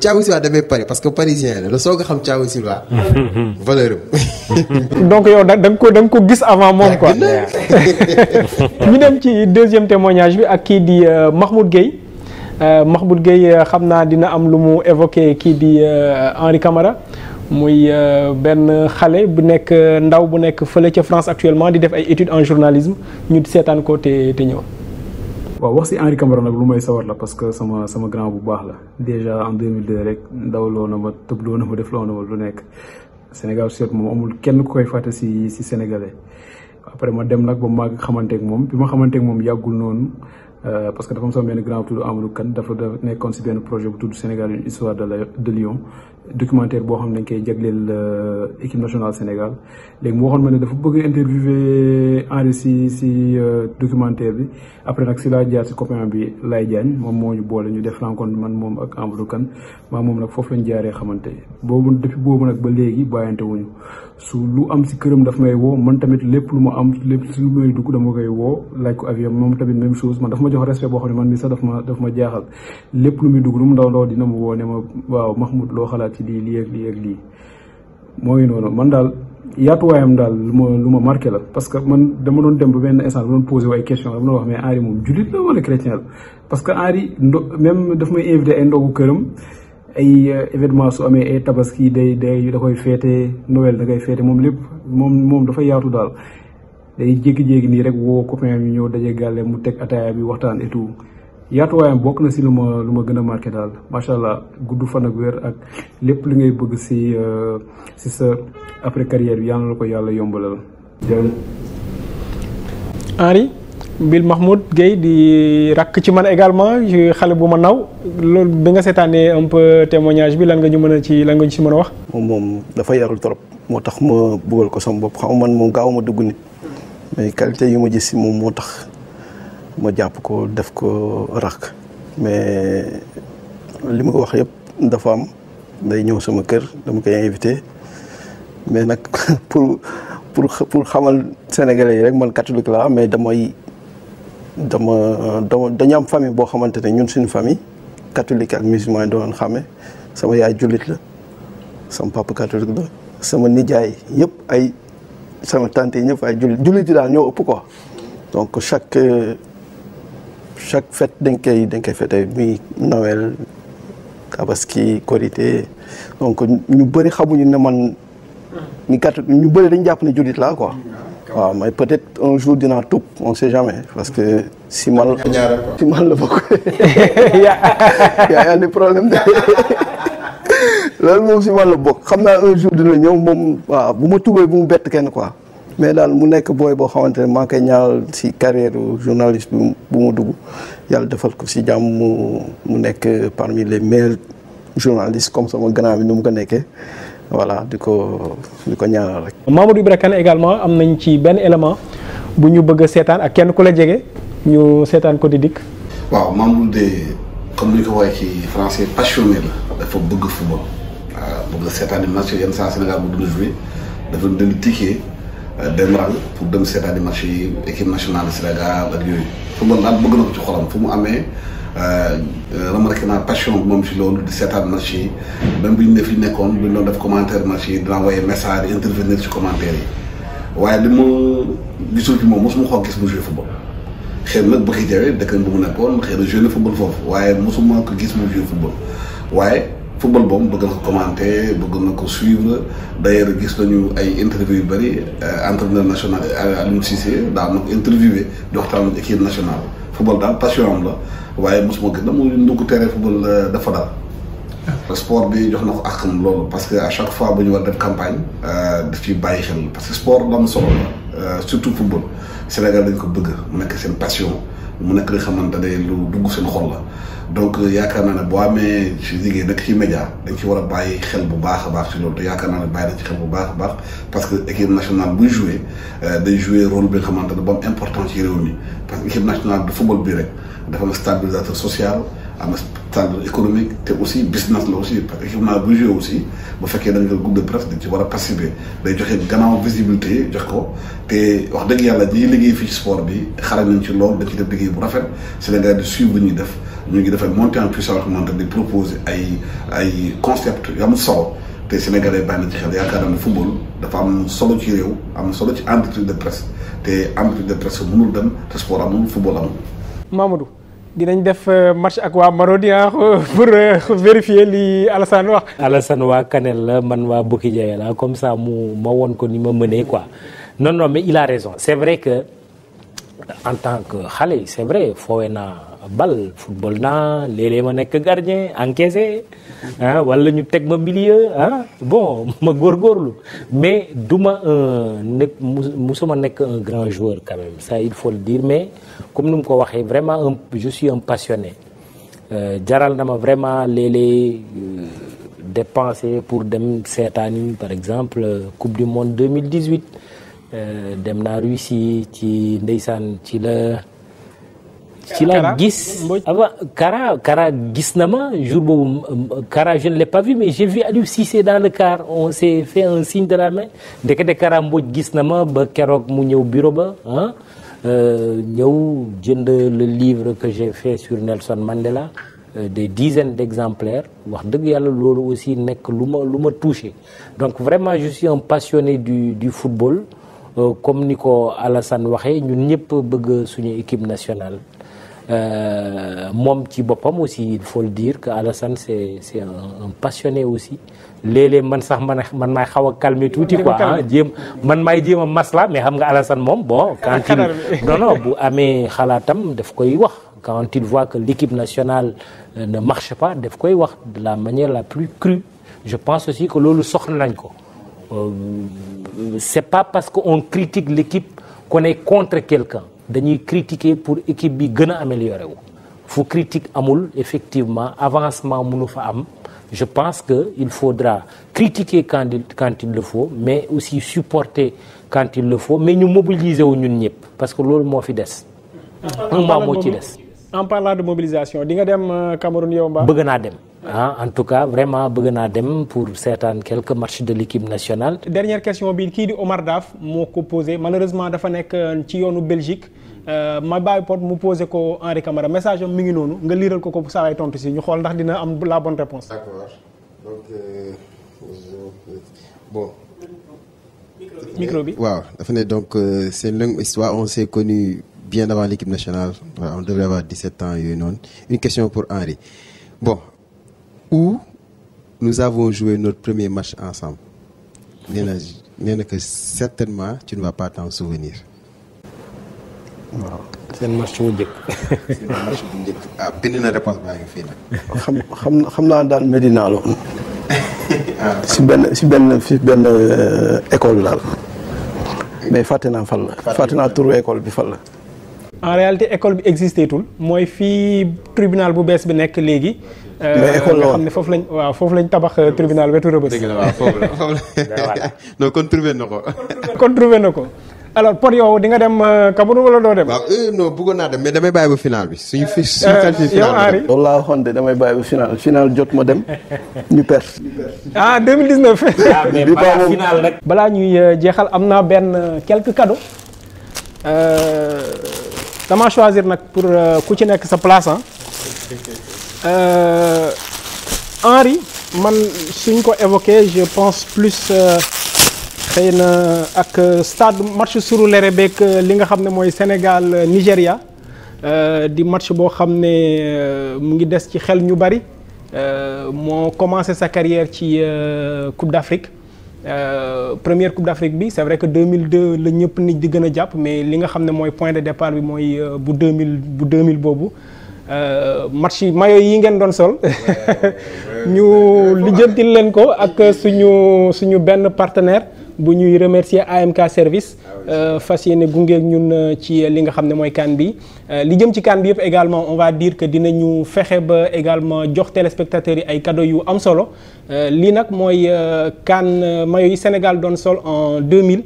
Paris parce que parisien la la soog xam valeur donc yow ko avant quoi. deuxième témoignage qui ak euh, Mahmoud Gueye euh, Mahmoud Gueye euh, xam dina am évoqué Henri Camara muy euh, ben xalé bu nek euh, ndaw bu nek feulé ci France actuellement di def ay études en journalisme ñu seetaan ko te te ñëw. waaw wax ci Henri Camara nag lu may sawar la parce que sama sama grand bu baax la déjà en 2002 rek ndawloo na ma tëbloo na ma defloo na lu nek Sénégal surtout mom amul kenn ku koy fàtte ci ci sénégalais. après ma dem nak ba mag màgg xamanteeg moom bi ma xamanteeg moom yàggul noonu euh, parce que dafa am sama benn grand bu amul kan dafa nekkoon si benn projet bu tudd Sénégal une histoire de de Lyon documentaire boo xam ne dañ koy jagleel euh, équipe nationale Sénégal léegi mu waxoon ma ne dafa bëgg interviewer Henry si si euh, documentaire bi après nag si laa jaar si copain bi Lay Diagne moom moo ñu boole ñu def rencontre man moom ak Amadou Kane maa moom nag foofu lañ jaaree xamante boobu depuis boobu nag ba léegi bàyyante wuñu su lu am si këram daf may woo man tamit lépp lu ma am lépp lu may dugg dama koy woo laaj ko avion moom tamit même chose man daf ma jox respect boo xam ne man mi sax daf ma daf ma jaaxal lépp lu muy dugg lu mu ndaw ndaw dina ma woo ne ma waaw Mahmoud loo xalaat ci lii lii ak lii ak noonu man daal yaatuwaayam daal lu ma lu ma marqué la parce que man dama doon dem ba benn instant ba doon posé ay question dama doon wax mais Henry moom jullit parce que Henry ndo même daf may invité ay ndogu këram ay euh, événement su amee ay tabaski day day da koy feete Noël da koy feete moom lépp moom moom dafa yaatu daal day jékki-jékki nii rek woo copain bi ñëw daje gàlle mu teg ataaya bi waxtaan et yaatuwaayam bokk na si lu ma lu ma gën a marqué daal macha allah gudd fan ak wér ak lépp li ngay bëgg si euh, si sa après carrière bi yàlla la ko yàlla yombalal. jërëjëf. Henri Bil Mahmoud gay di rakk ci man également xale bu ma naw loolu bi nga seetaanee un peu témoignage bi lan nga ñu mën a ci lan nga ñu si mën a wax. moom moom dafa yarul trop. moo tax ma bëggal ko sama bopp xam man moom gaaw ma dugg nit mais qualité yu ma gis moom moo tax. ma japp ko def ko rak mais li ma wax yëpp dafa am day ñëw sama kër dama koy invité mais nag pour pour pour xamal sénégalais yi rek man catholique la mais damay dama dama dañu am famille boo xamante ne ñun suñu famille catholique ak musulman yi doon xàmme sama yaay julit la sama papa catholique la sama nijaay yëpp ay sama tante yi ñëpp ay julit julit yi daal ñoo ëpp quoi donc chaque chaque fête d'un koy d'un koy fête oui, Noël Kabaski, Korité donc ñu bëri xamuñu ne man. ni hmm. kat ñu bëri dañ jàpp ne jullit là quoi. Ah, mais peut-être un jour dinaa tuub on sait jamais parce que si mal. si mal la bokk. yaa andi problème de loolu moom si mal le bokk xam un jour dina ñëw moom waaw bu ma tuubee bu mu bête kenn quoi mais dal mu nek boy bo xamantene ne maa koy ci carrière journaliste bu mu dugg yalla defal ko ci jàmm mu mu nekk parmi les meilleurs journalistes comme sama grand bi nu mu ko nekkee voilà diko diko ñaanal rek. Mamadou Ibra également am nañ ci ben élément bu ñu bëgg sétane ak kenn ku la jege ñu sétane ko di dikk. waaw Mamadou de comme ni ko waxee ci français passionné la dafa bëgg football. waaw bëgg sétane match yenn saa Sénégal bu dul joué e, dafa dëgg ticket. Euh, dem ran pour dem seetaani match yi équipe nationale Sénégal ak yooyu football daal bëgg na ko ci xolam fu mu amee euh, euh, remarqué naa passion bi moom ci loolu di seetaan match yi même bi ñu ne fi nekkoon bi ñu doon def commentaire match yi dina envoyé message intervenir ci commentaire yi waaye li mu gisul ci moom mosuma xoo gis mu joué football xëy na nag bëgg jawee dëkkan bu mu nekkoon xëy na joué football foofu waaye mosuma ko gis mu joué football waaye football boobu bëgg na ko commenter bëgg na ko suivre d'ailleurs gis nañu ay interview yu bëri euh, entraîneur national euh, Aliou Cissé daal na interviewé di waxtaan ak équipe nationale football daal passion am la waaye ma gis na mu ndugg terrain football euh, dafa daal sport bi jox na ko àqam loolu parce que à chaque fois bu ñu war def campagne daf ciy bàyyi xel parce que sport dam solo la surtout football Sénégal dañ ko bëgg mu nekk seen passion mu nekk li xamante ne lu dugg seen xol la donc yaakaar naa ne boo amee ci liggéey nag ci média dañ ci war a bàyyi xel bu baax a baax ci loolu te yaakaar naa ne bàyyi dañ ci xel bu baax a baax parce que équipe nationale buy joué day joué rôle bi nga xamante ne bu am important ci réew mi parce que équipe nationale de football bi rek dafa am stabilisateur social am stabilisateur économique te aussi business la aussi parce que équipe nationale buy joué aussi bu fekkee da nga groupe de presse dañ ci war a participer day joxe gannaaw visibilité jox ko te wax dëgg yàlla ñiy liggéey fii ci sport bi xare nañ ci loolu dañ ci def liggéey bu rafet Sénégal di suivre ñuy def Nous ngi dafay monter en puissance xamante di proposer ay ay concept yu am solo te sénégalais bàyyi na ci xel yaakaar naa football dafa am solo ci réew am solo ci de presse te entreprise de presse mënul dem te sport football amul. Mamadou dinañ def euh, match ak waa Marodien ah, pour euh, vérifier li Alassane wax. Alassane waa Kanel la man waa Bokki la comme ça mu ma woon ko ni ma mené. quoi non non mais il a raison c'est vrai que en tant que xale c'est vrai foowee naa bal football n'a l'élément que ma gardien encaissé hein wala ñu milieu ah, bon ma mais du ma qu'un euh, musuma nek un grand joueur quand même ça il faut le dire mais comme nous ko vraiment un je suis un passionné euh, jaral na vraiment lélé euh, dépenser pour dem par exemple coupe du monde 2018 dem na Russie ci ci ci la gis avant Kara Kara gis na ma jour boobu Kara je ne l'ai pas vu mais j'ai vu Aliou Cissé dans le car on s'est fait un signe de la main de Kara Mbodj gis na ma ba kérok mu ñëw bureau ba hein? euh ñëw jënd le livre que j'ai fait sur Nelson Mandela euh, des dizaines d'exemplaires wax dëgg yàlla aussi nekk lu touché donc vraiment je suis un passionné du du football euh, comme ni Alassane waxee ñun ñëpp bëgg suñu équipe nationale euh, moom ci aussi il faut le dire que Alassane C'est un, passionné aussi Les les man sax man xaw calmer tout quoi ah jéem man maay djema masla mais xam nga Alassane mom bon. Ah, quand il non non bu amé daf koy wax. quand il voit que l'équipe nationale euh, ne marche pas daf koy wax de la manière la plus crue je pense aussi que lolu soxla ko euh, c'est pas parce qu'on critique l'équipe qu'on est contre quelqu'un nous critiquer pour équipe bi améliorer wu fu critique amul effectivement avancement mënu fa je pense que il faudra critiquer quand il quand il le faut mais aussi supporter quand il le faut mais nous mobiliser wu ñun parce que loolu moo fi des parle en parlant de mobilisation di nga dem euh, Cameroun ah, en tout cas vraiment bëgg naa dem pour certains, quelques matchs de l'équipe nationale. dernière question qui est Omar Daf m'a posé malheureusement dafa nekk euh, ci yoonu Belgique euh, ma bàyyi pot mu poser ko Henri Camara message am mi vous noonu lire le ko ko saa waay tontu si ñu xool la bonne réponse d'accord donc euh, bon. micro bi donc c'est une longue histoire on s'est connus bien avant l'équipe nationale on devrait avoir 17 ans une question pour Henri bon où nous avons joué notre premier match ensemble. Néna, que certainement, tu ne vas pas t'en souvenir. C'est un match bu njëkk. seen match bu ah bind na réponse baa ngi fii nag. xam xam xam naa Medina si ben, si benn euh, école là. mais Fatina naa fan la. fàtte école bi fall. la. en réalité école bi tout. Moi, mooy fii tribunal bu bees bi nekk Euh, mais école la woon xam ne foofu lañ waaw tabax euh, tribunal wetu Rebeuss. dëgg la kon trouvé na ko. kon na ko. alors Pod yow di nga dem euh, Cameroun wala doo dem. waaw naa dem mais damay bàyyi ba final bi suñu fi suñu qualifié final bi. yow Henry loolu laa waxoon dem ñu perte. ah 2019. waaw ah, mais balaa final rek. balaa ñuy jeexal am naa benn quelque cadeaux. damaa choisir nag pour ku ci nekk sa place Euh, Henri man suñ ko évoqué je pense plus euh, xëy à ak euh, stade match sur le beeg li nga xam ne mooy Sénégal Nigéria di match boo xam ne mu ngi des ci xel ñu bari commencé sa carrière ci Coupe d'Afrique première Coupe d'Afrique bi c'est vrai que 2002 le ñëpp nit di gën a mais li nga xam ne point de départ bi mooy bu 2000 bu 2000 bobu. Euh, match yi mayo yi ngeen don sol ñu lijjantil leen ko ak suñu suñu benn partenaire bu ñuy remercier AMK service ah euh, fas yéene gungeeg ñun euh, ci li nga xamné moy kan bi li jëm ci kan bi yëpp également on va dire que dinañu fexé ba également jox téléspectateurs ay cadeaux yu am solo li nak moy kan mayo yi Sénégal don sol en 2000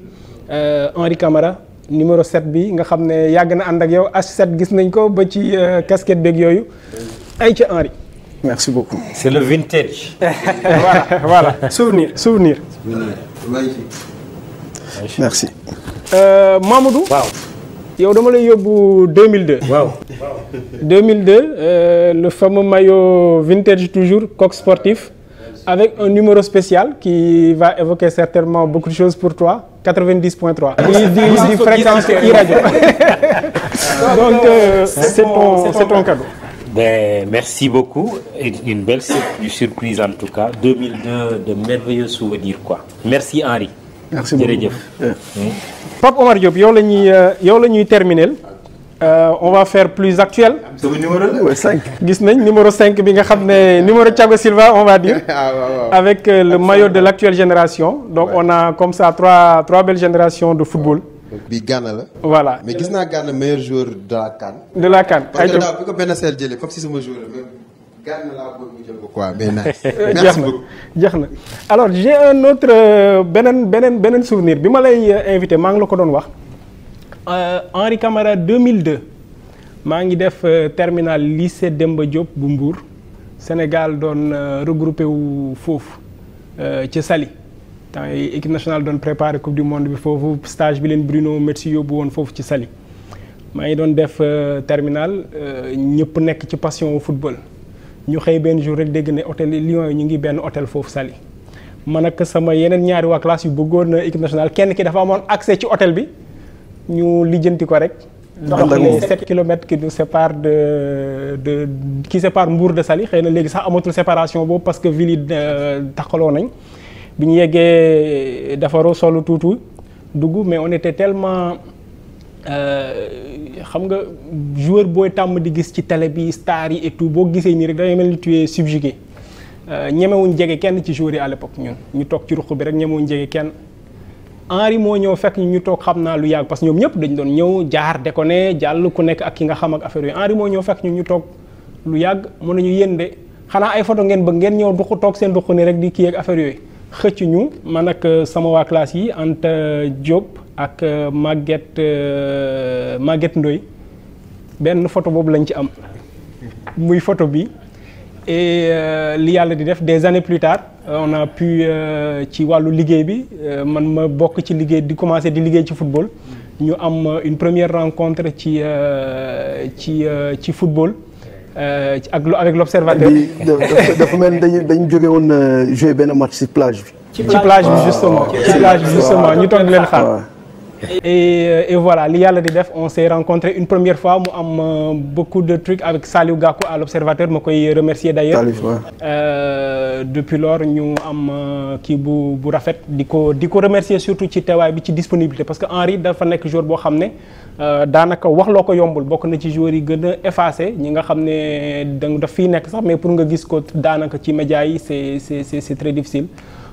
euh Henri Camara numéro 7 bi nga xamné ne yow H7 gis nañ ko ba ci euh, casquette bek Henri merci beaucoup. c'est le vintage. voilà voilà souvenir souvenir. merci. Euh, Mamadou. wow. yow dama lay 2002. Wow. 2002 le fameux maillot vintage toujours coq sportif avec un numéro spécial qui va évoquer certainement beaucoup de choses pour toi. 90.3. Ils fréquence irradio. Donc, euh, c'est ton, c'est ton cadeau. Ben, merci beaucoup. Une belle surprise en tout cas. 2002, de merveilleux souvenirs quoi. Merci Henri. Merci beaucoup. Jërëjëf. Euh. Hmm. Pape Omar Diop yow la ñuy euh, yow terminel. Euh, on va faire plus actuel. le numéro 5. gis nañ numéro 5 bi nga numéro Thiago Silva on va dire. Ah, avec euh, le maillot de l'actuelle génération. donc on a comme ça trois trois belles générations de football. bi Ghana la. voilà mais gis naa Ghana meilleur joueur de la CAN. de la CAN ay parce que daaw bi ko benn seet comme si joueur la Ghana laa bëgg quoi mais merci beaucoup alors j'ai un autre euh, souvenir bi ma lay euh, invité à la ko doon wax. Euh, Henri Camara 2002 maa def euh, terminal lycée Demba Diop bu Mbour Sénégal doon euh, regroupé wu foofu ci Sali. temps équipe nationale doon préparé coupe du monde bi foofu stage bi Bruno Metsu Yobu woon Fofu ci Saly maa ngi doon def terminal ñëpp nekk ci passion football ñu xëy benn jour rek dégg ne hôtel Lions yi ñu ngi benn hôtel Fofu Saly man ak sama yeneen ñaari waa classe yu bëggoon équipe nationale kenn ki dafa accès ci hôtel bi ñu lijjanti ko rek. dox les 7 kilomètres qui nous sépare de de qui sépare Mbour de Saly xëy na léegi sax amatul séparation boobu parce que ville yi euh, taxaloo nañ bi ñu yeggee defaroo solo tuuti dugg mais on était tellement euh, xam nga joueur booy tàmm di gis ci télé bi star yi et tout boo gisee ni rek dangay mel ni tu es subjugué euh, ñemewuñ jege kenn ci joueur yi à l'époque ñun ñu toog ci ruq bi rek ñemewuñ jege kenn. Henri mo ñew fekk ñu tok xamna lu yag parce ñom ñep dañ doon ñew jaar de jall ku nekk ak ki nga xam ak affaire yi Henri mo ñew fekk ñu ñu toog lu yag mo nañu yende xana ay photo ngeen ba ngeen ñew duxu tok seen duxu ne rek di ki ak affaire yooyu xëccu ñu man ak euh, sama wa classe yi ant job ak euh, Maguette euh, Maguette Ndoy ben photo bobu lañ ci am muy photo bi et euh, li yàlla di def des années plus tard euh, on a pu euh, ci le ligue bi man ma bokk ci ligue di commencer di ligue ci football. ñu am une première rencontre ci ci ci football. ak lu avec l'observateur. dafa mel ni dañu dañu jóge woon jouer benn match ci plage ci plage justement ah, ci plage justement ñu toog leen xaar et, euh, et voilà li yàlla di def on s'est rencontré une première fois mu am euh, beaucoup de trucs avec Saliou Gakou à l'Observateur je koy remercier d'ailleurs euh, depuis lors ñu am euh, kii bu bu rafet di ko remercier surtout ci et bi ci disponibilité parce que Henri dafa a joueur jour xam ne danaka wax loko yombul bok na ci joueurs yi gëna a effacé ñi nga ne da fi nek sax mais pour nga gis ko danaka ci médias yi c'est c'est c'est très difficile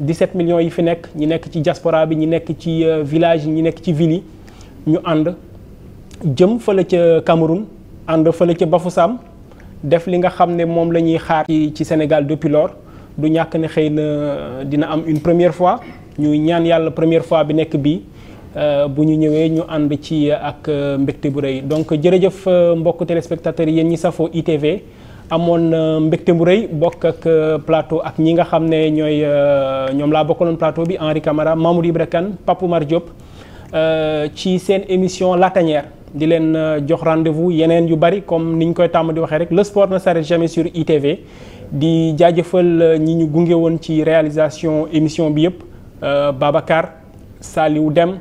17 millions yi fi ñi nek ci diaspora bi ñi nek ci euh, village ñi nek ci ville ñu and jëm fele ci Cameroun and fele ci Bafoussam def li nga xamné mom lañuy xaar ci ci Sénégal depuis lors du ñak ne xeyna euh, dina am une première fois ñuy ñaan yalla première fois bi nek bi euh bu ñu ñëwé ñu and ci euh, ak mbégte bu rëy donc jërëjëf mbokk téléspectateurs yeen ñi safo ITV amone euh, mbégte bu rëy bokk ak euh, plateau ak ñi nga xamné ñoy euh, ñom la laa plateau bi Henri Camara Mamoudou Ibra papu Mar Oumar Diop ci sen émission La Tanière di len jox rendez-vous yenen yu bari comme niñ koy tam di waxe rek le sport ne s'arrête jamais sur ITV di jajeufel ñi ñu gunge woon ci réalisation émission bi yëpp Babacar Saliou Dem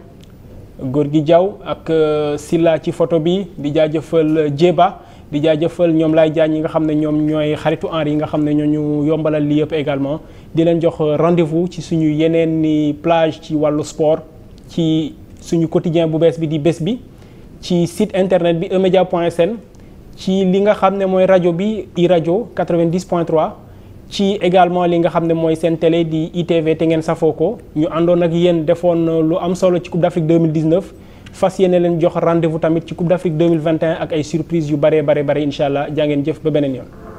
Gorgui Diaw ak Silla ci photo bi di jajeufel Djeba di jaajëfal ñoom laay jaañ yi nga xam ne ñoom ñooy xaritu Henri yi nga xam ne ñoo ñu yombalal lii yëpp également di leen jox rendez-vous ci suñu yeneen ni plage ci wàllu sport ci suñu quotidien bu bees bi di bés bi ci site internet bi emedia point sn ci li nga xam ne mooy rajo bi i rajo 90 ci également li nga xam ne mooy seen télé di ITV te ngeen safoo ko ñu àndoon ak yéen defoon lu am solo ci Coupe d'Afrique 2019 fas yéene leen jox rendez-vous tamit ci Coupe d'Afrique 2021 ak ay surprise yu bare bare bare incha allah jaa ngeen jëf ba beneen yoon